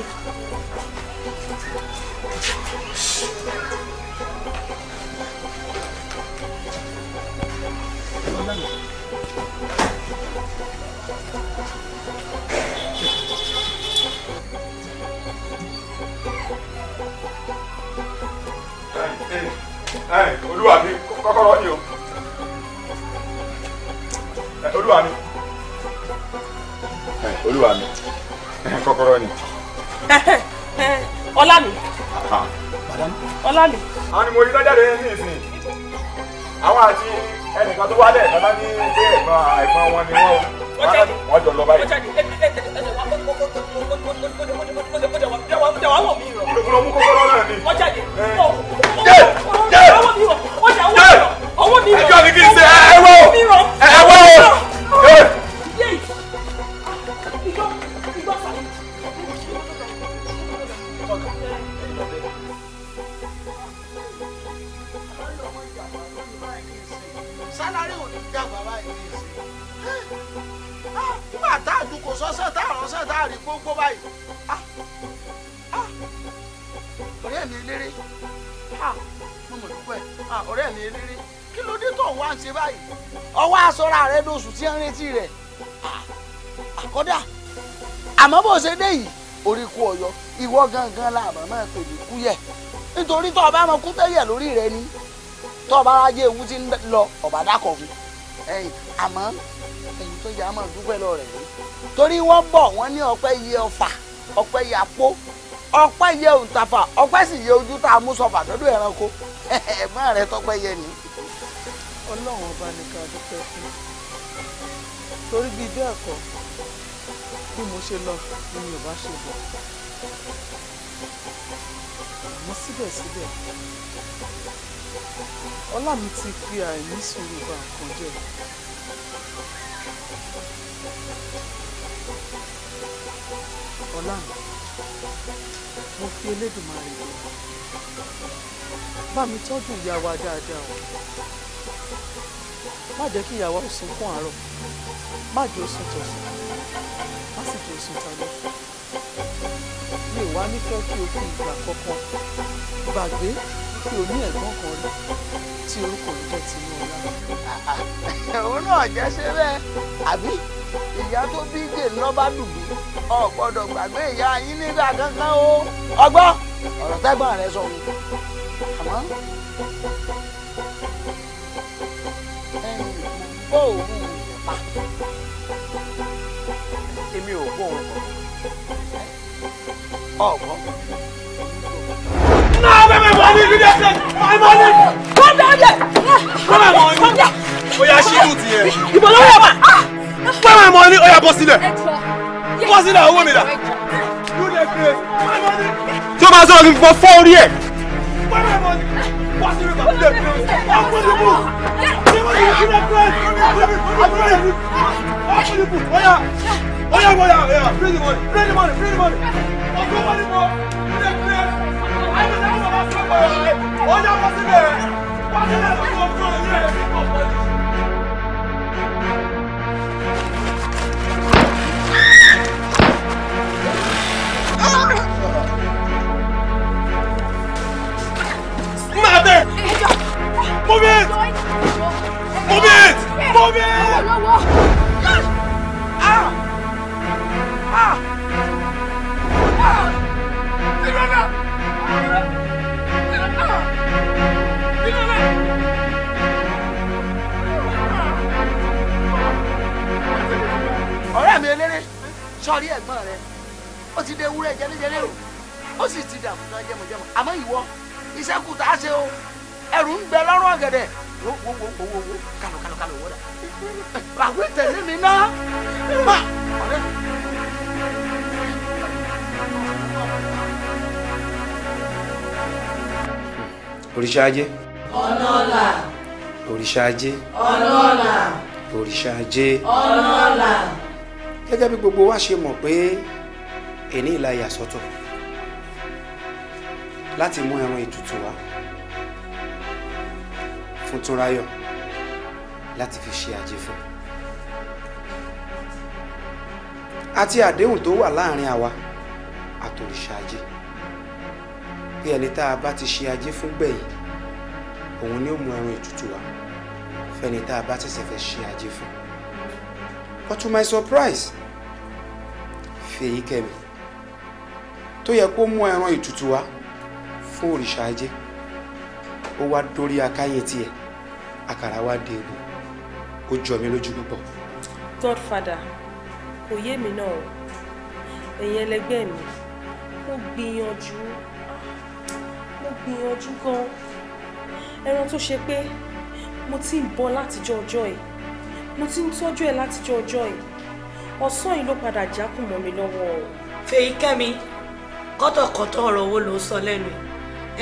olúwa mi ni o olúwa mi kọ́kọ́rọ́ ni. ọlá mi. ọlá mi. àwọn ni mo rí lọ́jà lóyún ní ìsìn àwọn àti ẹnìkan tó wálẹ̀ lọ́la ní ilé ẹ̀gbọ́n àìmọ́ wọn ni wọ́n wọ́n jọ lọ báyìí. mo mú kọ́kọ́rọ́ náà ni. ẹjọ́ ni kí n ṣe ẹ wọ́n ẹ wọ́n. aláré ò ní dàgbà báyìí ní ìsìn nígbà tá sọ́sẹ́ tá a ránṣẹ́ tá a gbogbo báyìí ah, ah, ọ̀rẹ́ mi eléré ah, mo mọ̀ dúpẹ́ ọ̀rẹ́ mi eléré kí ló dé tó wá ń ṣe báyìí ọwọ́ aṣọra rẹ lóṣù tí ń retí rẹ̀ àkọ́dà àmọ́ bó ṣe dé yìí orí kú ọ̀yọ́ ìwọ gangan la àbámọ́ pè ní kúyẹ̀ nítorí tó o mọ kútẹ́yẹ̀ lórí rẹ ni tó ọba aráyé ewu ti ń lọ ọba dákọ̀ fún ẹyìn àmọ́ ẹ̀yìn tó yà á máa dúpẹ́ lọ rẹ̀ yìí torí wọ́n bọ̀ wọ́n ní ọpẹ́ yẹ ọfà ọpẹ́ yẹ apó ọpẹ́ yẹ òǹtafà ọpẹ́ sì yẹ ojú tá a mú sọfà dọ́dọ̀ ẹranko ẹ̀gbọ́n rẹ tọpẹ́ yẹ ni. ọlọ́run ọba nìkan dúpẹ́ fún torí bíi bẹ́ẹ̀ kọ́ bí mo ṣe lọ ni mi ò bá ṣe bọ̀ àmọ́ síbẹ̀síbẹ̀ ọlá mi ti fi àìní sùúrù ba nǹkan jẹ́ ọlá mi mo fi Elédùmarè lọ bá mi tọ́jú ìyá wa dáadáa o má jẹ́ kí ìyá wa sùn fún àárọ̀ má jẹ́ oṣù tọ̀sán má sì jẹ́ oṣù tálẹ́ mi ò wá nífẹ̀ẹ́ kí o kú ìgbà kankan gbàgbé mi ò ní ẹ̀gbọ́n kan rí tí orúkọ rẹ̀ jẹ́ Tinúọlá. òun náà jẹ́ ṣe bẹ́ẹ̀ àbí ìyá tó bí jè lọ́ba dùbí o gbọ́dọ̀ gbàgbé ìyá yín nígbà kankan o ọgbọ́n ọ̀rọ̀ tẹ́gbọ́n rẹ sọ àmọ́ bó òun pa èmi ò gbọ́ òun kọ́ ọ̀gbọ́n money you dey take my money. come down there. come on money. oya ṣílù tiẹ̀. ìbò ló yẹ wa. come on money oya bọ́ sílẹ̀. bọ́ sílẹ̀ owó mi dà. tí o máa sọ̀rọ̀ kí n fọ́ fọ́ orí ẹ̀. come on money. bọ́ sílẹ̀ bọ́ sílẹ̀ oya oya oya free the money free the money free the money ọgbọn money bro you dey clear i go down. Ah! Ah! Ah! Ah! ọ̀rẹ́ mi eléré sọ́ọ́rí ẹ̀gbọ́n rẹ ó ti dé ewúrẹ́ jẹlẹjẹlẹ o ó sì ti dààmú náà jẹmọjẹmọ àmọ́ ìwọ iṣẹ́ kù tá a ṣe o ẹrù ń gbẹ lọ́rùn ọ̀gẹ̀dẹ̀ wo wo wo wo wo wo kálọ̀ kálọ̀ kálọ̀ wọ́dà bàwí tẹ̀lé mi náà má ọ̀rẹ́ mi. oríṣi ajé ọ̀nà ọ̀la. òrìṣà ajé. ọ̀nà ọ̀la. òrìṣà ajé. ọ̀nà ọ̀la. gẹ́gẹ́ bí gbogbo wa ṣe mọ̀ pé èní ìlà ìyàsọ́tọ̀ láti mú ẹran ètùtù wá fún Túnráyọ̀ láti fi ṣe ajé fún àti àdéhùn tó wà láàrin àwa àtòrìṣà ajé pé ẹni tá a bá ti ṣe ajé fún gbẹ̀yìn òun ni ó mú ẹran ètùtù wá fẹ́ni tá a bá ṣẹ̀ṣẹ̀ fẹ́ ṣe ajé fún but to my surprise Fèyíkẹ́mi tó yẹ kó mú ẹran ètùtù wá fún òrìṣà ajé ó wá dórí akáyè tiẹ̀ àkàrà wá dé ewu ó jọ mí lójú púpọ̀. godfather kò yé mi náà ẹ̀yin ẹlẹgbẹ́ mi mo gbìyànjú ah, mo gbìyànjú gan-an ẹran tó ṣe pé mo ti ń bọ látijọ́ ọjọ́ yìí mo ti ń tọ́jú ẹ̀ látijọ́ ọjọ́ yìí ọ̀sán yìí ló padà jákùn mọ́ mi lọ́wọ́ o. Fèyíkẹ́mi kọ́tọ̀kọ́tọ̀ ọ̀rọ̀ owó ló ń sọ lẹ́nu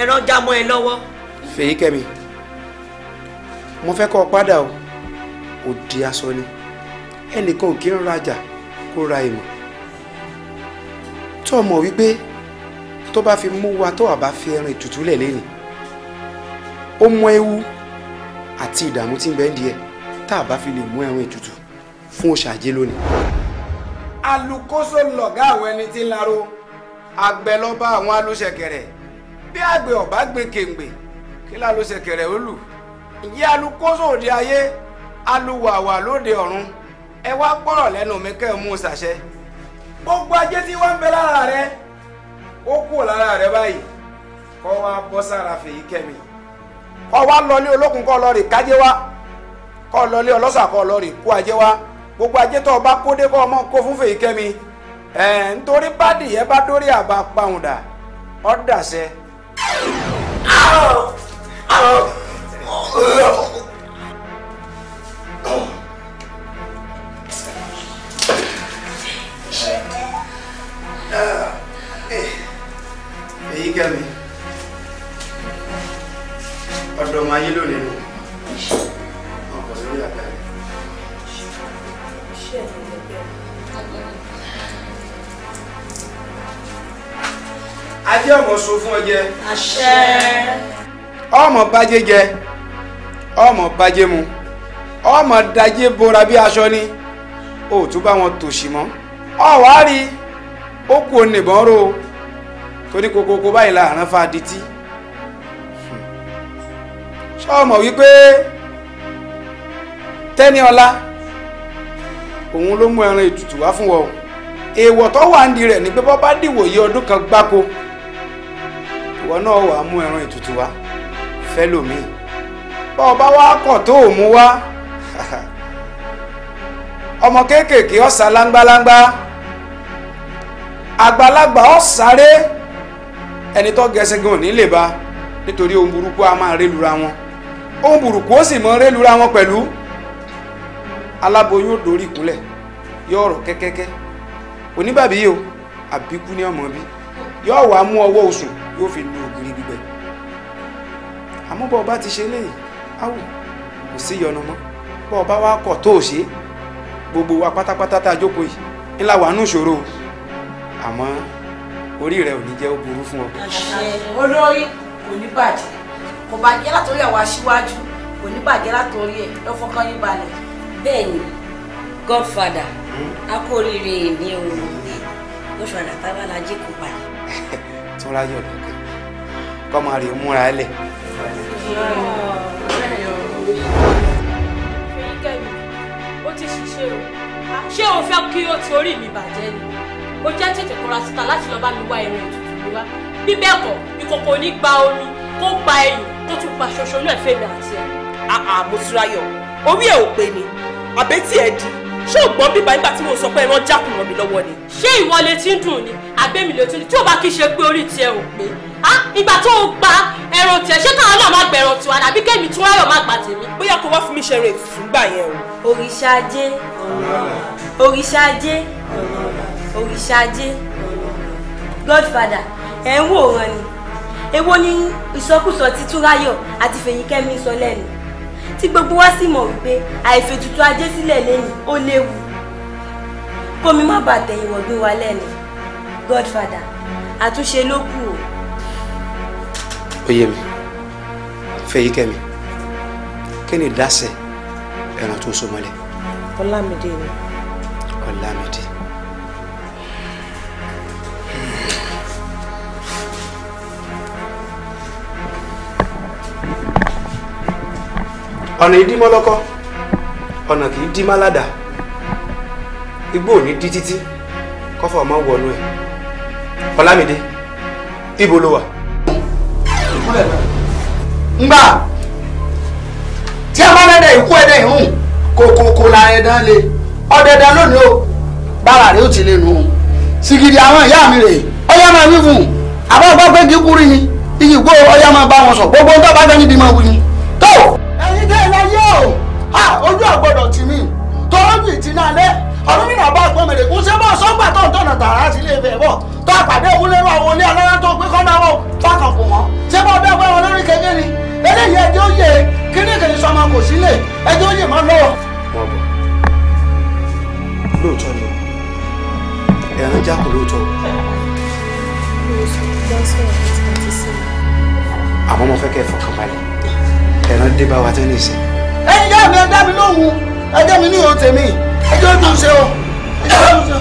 ẹran já mọ́ ẹ lọ́wọ́. Fèyíkẹ́mi mo fẹ́ kọ́ ọ padà o ò di aṣọ ni ẹnìkan ò kí ń rajà kó ra ìmọ̀ tó o mọ̀ wípé tó bá fi mú wa tó wà bá fi ẹran ìtùtù lẹ̀ lẹ́yìn ó mọ ewu àti ìdààmú tí ń bẹ ń di ẹ tá a bá fi lè mú ẹran ètùtù fún òòṣà ajé lónìí. alukoso lọ̀gá àwọn ẹni tí ń laro àgbẹ̀ lọ́ba àwọn alóṣẹ̀kẹ̀rẹ̀ bí àgbẹ̀ ọ̀bá gbé kèǹgbè kí lálóṣẹ̀kẹ̀rẹ̀ ó lù ìyẹ́ alukoso òde ayé aluwàwà lóde ọ̀run ẹ wá gbọ́rọ̀ lẹ́nu mi kẹ́ ẹ mú un ṣàṣẹ. gbogbo ajé tí wọ́n ń bẹ lára rẹ ó kúrò lára rẹ báyìí kọ́ wa bọ́ sára fèyí kẹ́mi. kọ́ wa lọlé olókun kọ lọ rè kájé wa kọ lọlé ọlọ́sà kọ́ lọ rè kó ajé wa gbogbo ajé tó o bá kó kọ ọmọ kó fún fèyí kẹ́mi ẹ̀ nítorí bádì yẹn bá dórí àbá pàwọn dà ọ́ ọmọ bàjẹ́ jẹ ọmọ bàjẹ́ mu ọmọ dajẹ́ bora bí aṣọ ni o tún bá wọn tòṣì mọ́ ọ wàá rí ó kú oníbọn ro torí kokoko báyìí láàrin fa adití ṣọ́ọ̀mọ̀ wípé tẹ́ni ọlá òun ló mú ẹran ètùtù wá fún wọn o èèwọ̀ tó wà ń di rẹ̀ ni pé bọ́ bá dìwòye ọdún kan gbáko ìwọ náà wàá mú ẹran ètùtù wá fẹ́ lómi bá ọba wa kọ̀ tó ò mú wá ọmọ kéékèèké ọ̀sà láńgbáláńgbá àgbàlagbà ọ̀sáré ẹni tó gẹ̀ẹ́sẹ̀ gan òní lè ba nítorí ohun burúkú a máa rélura wọn ohun burúkú ó sì mọ rélura wọn pẹ̀lú aláboyún òdòrí ìkúnlẹ̀ yóò rọ̀ kẹ́kẹ́kẹ́ oníbàbí yìí o àbíkú ní ọmọ bí yóò wá mú ọwọ́ oṣù yóò fi lu àmọ́ bọ́ ọba ti ṣe léyìí áwò kò sí yọnu mọ́ bọ́ ọba wa kọ̀ tó o ṣe gbogbo wa pátápátá tá a jókòó yìí ńlá wà nù ṣòro àmọ́ orí rẹ ò ní jẹ́ ó burú fún ọ. olórí kò ní bàjẹ́ kò bàjẹ́ látòrí àwọn aṣíwájú kò ní bàjẹ́ látòrí ẹ̀ lọ́fọ́kàn yín balẹ̀. bẹ́ẹ̀ni godfather hmm? a kó oríire èmi o oṣù àdàtàbà la jí kò balẹ̀. tún ráyọ̀ lọ́kàn kọ́ máa rí múra ẹ lẹ̀ fẹ́yìnkẹ́mi ó ti ṣiṣẹ́ o ṣé o fẹ́ kí o ti orí mi bàjẹ́ ni o jẹ́ tètè kọra síta láti lọ bá mi wá ẹran ètùtù mi wá bí bẹ́ẹ̀ kọ́ ìkòkò ní gba omi kó gba ẹyìn kó tún gba ṣoṣo náà fẹ́mi àti ẹ̀. àà mo tura yọ orí ẹ ò pé ni àbẹ́tì ẹ di ṣé o gbọ́ bíbá nígbà tí mo sọ pé ẹran jákùn mọ́ mi lọ́wọ́ ni. ṣé ìwọ lè ti ń dùn ni àbẹ́mi lè tún ní tí o bá kí ṣe pé orí tiẹ̀ ò pé Ah, ìgbà tó ń gba ẹ̀rọ tiẹ̀ ṣé káwọn náà má gbẹ̀rọ tiwa àbí kẹ́mi tún ráyọ̀ má gbà tèmi. bóyá kó wá fún mi ṣẹ̀rọ ètùtù yẹn o. òrìṣà ajé òrìṣà ajé òrìṣà ajé godfather ẹ̀ ń wòran ni èwo ni ìsọkúsọ tí túnráyọ̀ àti fèyíkẹ́mi sọ lẹ́nu tí gbogbo wa sì mọ̀ wípé àìfètùtù ajé sílẹ̀ lẹ́yìn ó léwu kómi má bàtẹ̀ ìwọ̀gbìn wa lẹ́nu godfather àtúnṣe ló kù o oyè mi Fẹ́yìkẹ́mi kí ni dáṣẹ ẹran tó so mọ́lẹ̀. Ọlámídé ni. Ọlámídé. ọ̀nà ìdímọ́ lọ́kọ́ ọ̀nà kì í dímọ́ ládàá igbó ò ní dí títí kọ́fọ̀ ọmọ wọnú ẹ̀ Ọlámídé ibo ló wà. Ngba. Ti ama na dey ku ede hun. Kokoko la edan le. Odeda loni o. Bara re o ti le nu. Sigiri awon ya mi re. Oya ma mi fun. Aba ba pe gi kuri yin. Igi go oya ma ba won so. Gbogbo nta ba gani bi ma wu yin. To. eyi de na ye o. Ha, oju agbodo ti mi. To ni ti n'ale le. Orun mi na ba gbo mere. Ko se mo so gba ton ton tó àpàdé òun àwọn olé alára tó gbé kọ́nà wọn bákan kò wọ́n ṣé bá bẹ́ẹ̀ bá lórí kékeré ni eléyìí ẹjẹ́ òye kíní kìí sọmọ kò sílẹ̀ ẹjẹ́ òye máa lọ́wọ́. lóòótọ́ ni ẹ̀rín jákò lóòótọ́. àwọn ọmọ fẹ́ fọkàn balẹ̀ ẹ̀rín dé bá wa tẹ́ ní ìsìn. ẹ̀yin yá mi ẹ mi lóhùn ẹ mi ní ìhò tèmi ẹjọ́ tó ń ṣe o ẹjọ́ tó ń ṣe o.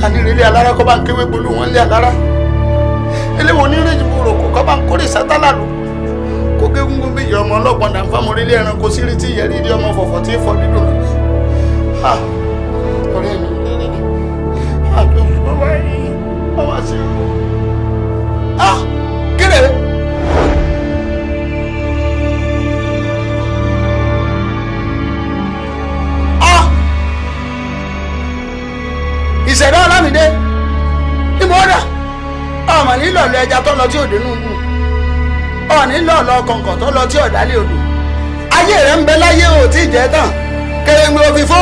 tani rere alára kọ́ bá ń kéwé gbolú wọn lé alára eléwo onírèjì bòrò kò kọ́ bá ń kórè sátálà lò kó gégúngún bí ìyá ọmọ ọlọ́gbọ̀n dàǹfàmù rélé ẹranko sí rí tí ìyẹ́rì ìdí ọmọ fọ̀fọ̀ tí ń fọ dídùn lọ. ọ̀dọ̀ ẹja tó lọ tí òde nù ọ̀ní lọ́ọ̀lọ́ kọ̀ǹkọ̀ tó lọ tí ọ̀dálẹ̀ odò ayé rẹ̀ ń bẹ láyé ò tí jẹ́ tán kèrèmí òfìfó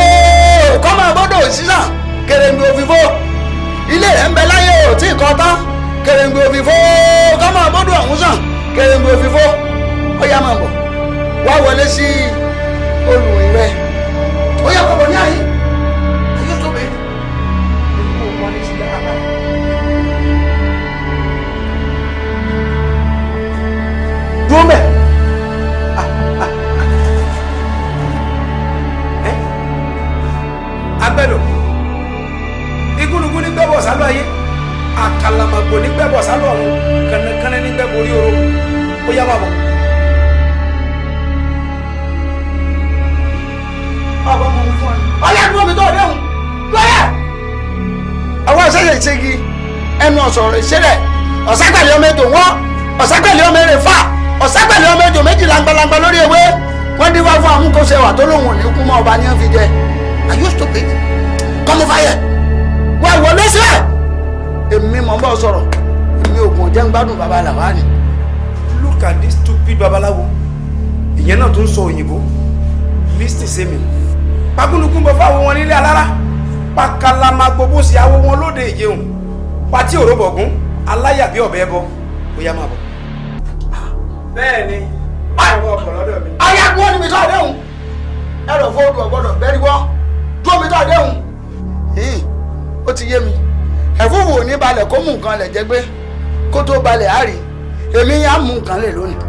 kọ́mọ gbọ́dọ̀ sísàn kèrèmí òfìfó ilé rẹ̀ ń bẹ láyé ò tí kọ́ tán kèrèmí òfìfó kọ́mọ gbọ́dọ̀ ọ̀hún sàn kèrèmí òfìfó ó yá máa wá wọlé sí olùwìn rẹ̀ ó yá kọ̀ọ̀bọ̀ ní àyè. dé ìjẹun pati òróbọ̀gún aláyà ọ̀bẹ bọ ó yá máa bọ̀. bẹ́ẹ̀ ọmọ ah! ọkọ̀ lọ́dọ̀ mi. ayé agbóhùn ni mi tọ́ àdéhùn ẹ̀rọ fóònù ọ̀gbọ́dọ̀ bẹ́ẹ̀ni wọ́ dúró mi tọ́ àdéhùn. ó ti yé mi ẹ̀fúùfù ò ní balẹ̀ kó mú nǹkan lẹ̀ jẹ́ gbé kó tó balẹ̀ á rí èmi yá mú nǹkan lẹ̀ lónìí.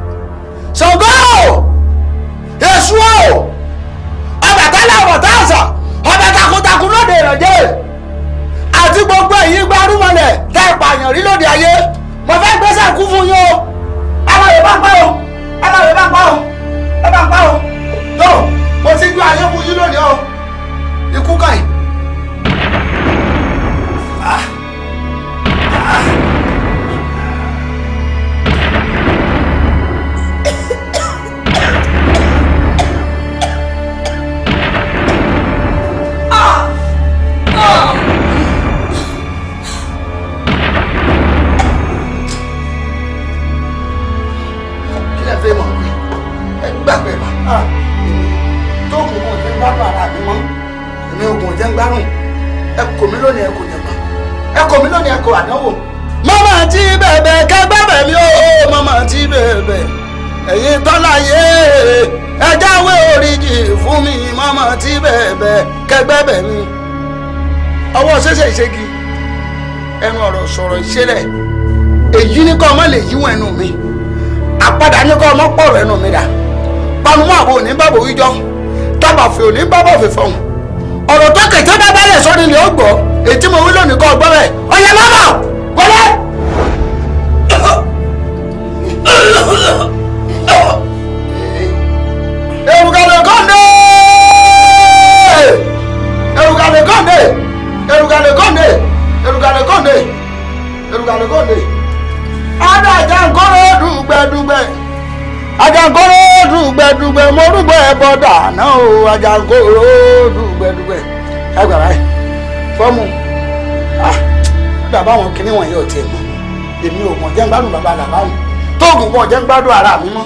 fi fọhùn ọ̀rọ̀ tó kẹ̀kẹ́ bá bálẹ̀ sọ́ni ni ó gbọ́ ètí mo wí lónìí kọ́ ọgbọ́n rẹ̀ ọ̀yẹ̀ mọ́mọ́ wọlé. èrùkàlẹ̀ kọ́ndé èrùkàlẹ̀ kọ́ndé èrùkàlẹ̀ kọ́ndé èrùkàlẹ̀ kọ́ndé èrùkàlẹ̀ kọ́ndé. adájà ń kọ́ ló dùgbẹ́dùgbẹ́ àjàngóró dùgbẹ̀dùgbẹ̀ mo rúgbọ ẹbọ dànù o àjàngóró dùgbẹ̀dùgbẹ̀ ẹ gbà báyìí fọ́ọ̀mù ah, bàbá àwọn kìnìún wọ̀nyí ò tiẹ̀ mọ́ èmi ò mọ̀ jẹ́ ń gbádùn bàbá làbáwọn tóògùn kan jẹ́ ń gbádùn ara mi mọ́.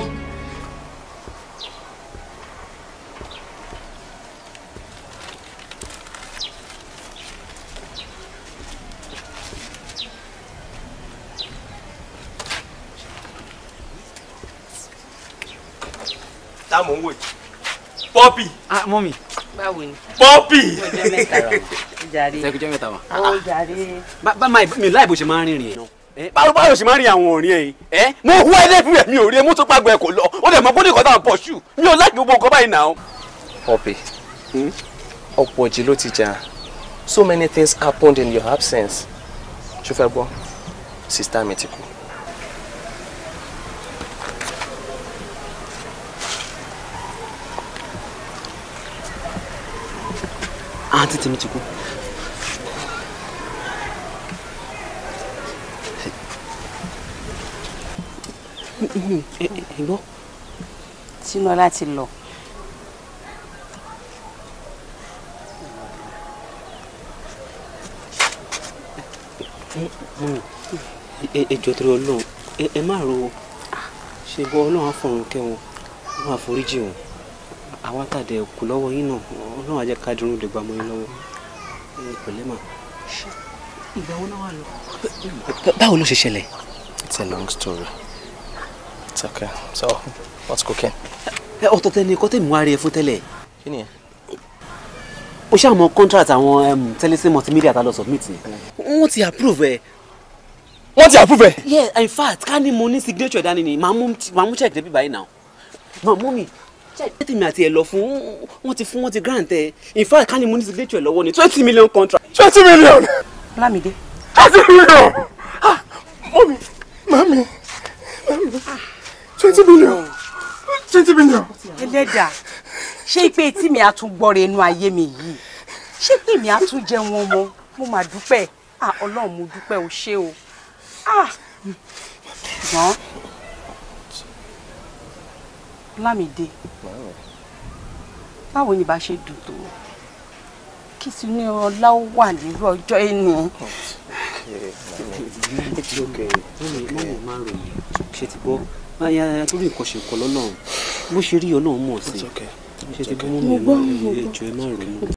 tá ń wò yìí pọ́pì. ah mọ́mì. báwo ni. pọ́pì. ọjọ́ mẹ́ta rà jàre. ọjọ́ mẹ́ta wà. ó jàre. bá máa mi láì bó ṣe máa ń rìnrìn ẹ̀. báwo báwo ṣe máa ń rin àwọn òrìn ẹ̀ ẹ́ mo hu ẹlẹ́ fún rẹ̀ mi ò rí ẹ mo tún pàgọ́ ẹ̀ kò lọ ó dẹ̀ mọ bó ní kọ́ta pọ̀ ṣù mi ò láì gbogbo nǹkan báyìí náà. pọ́pì hmm? ọ̀pọ̀ jì ló ti jà so many things happened in your absence ṣùfẹ́ gbọ́ sista mi ti kú. àǹtí tèmi ti kú. ẹ gbọ́. Tinola ti lọ. ẹjọ torí Ọlọ́run ẹ má ro ṣe bọ Ọlọ́run àfọrùn kẹwọn wọn àforíjì wọn àwa tàdé kù lọ́wọ́ yín náà ọlọ́run ajẹ́ ká dirun dìgbà mọ́ yín lọ́wọ́ pẹ̀lẹ́ mà. ìgbà wo náà wà lọ. báwo ló ṣe ṣẹlẹ̀. it's a long story it's okay so what's cooking. ẹ ọ̀tọ̀ tẹ́ni kọ́ tẹ̀mí wá rí ẹ fún tẹ́lẹ̀. kí ni ẹ. o ṣe àmọ contract àwọn tẹlẹsí multimedia ta lọ submit ni. wọ́n ti approve ẹ. wọ́n ti approve Yes, in fact ká ní mo ní signature dání ni màá mú check débi báyìí náà. màá mú mi ṣe tèmi àti ẹ lọ fún wọn ti fún wọn ti grant ẹ in fact ká ní mo ní ti létò ẹ lọ́wọ́ ni twenty million contract. twenty million. Lámìdé. twenty million mọ́mi ah, mami twenty million twenty million. ẹlẹ́dà ṣé ipe etí mi àtúgbọ́rẹ̀ inú ayé mi yìí ṣé kí mi àtúnjẹ wọn mọ mo mà dúpẹ́ ah, ọlọ́run mo dúpẹ́ o ṣé o ah. ṣùgbọ́n Lámìdé báwo ni bá ṣe dùn tó kí sinú ọlá ó wà nírú ọjọ́ ẹni. ṣe ti gbọ́ báyà torí nǹkan ṣe kọ́ lọ́nà bó ṣe rí Ọlọ́run mọ̀ sí ṣe ti gbọ́ mọ̀ ní ẹjọ́ ẹ má ronú.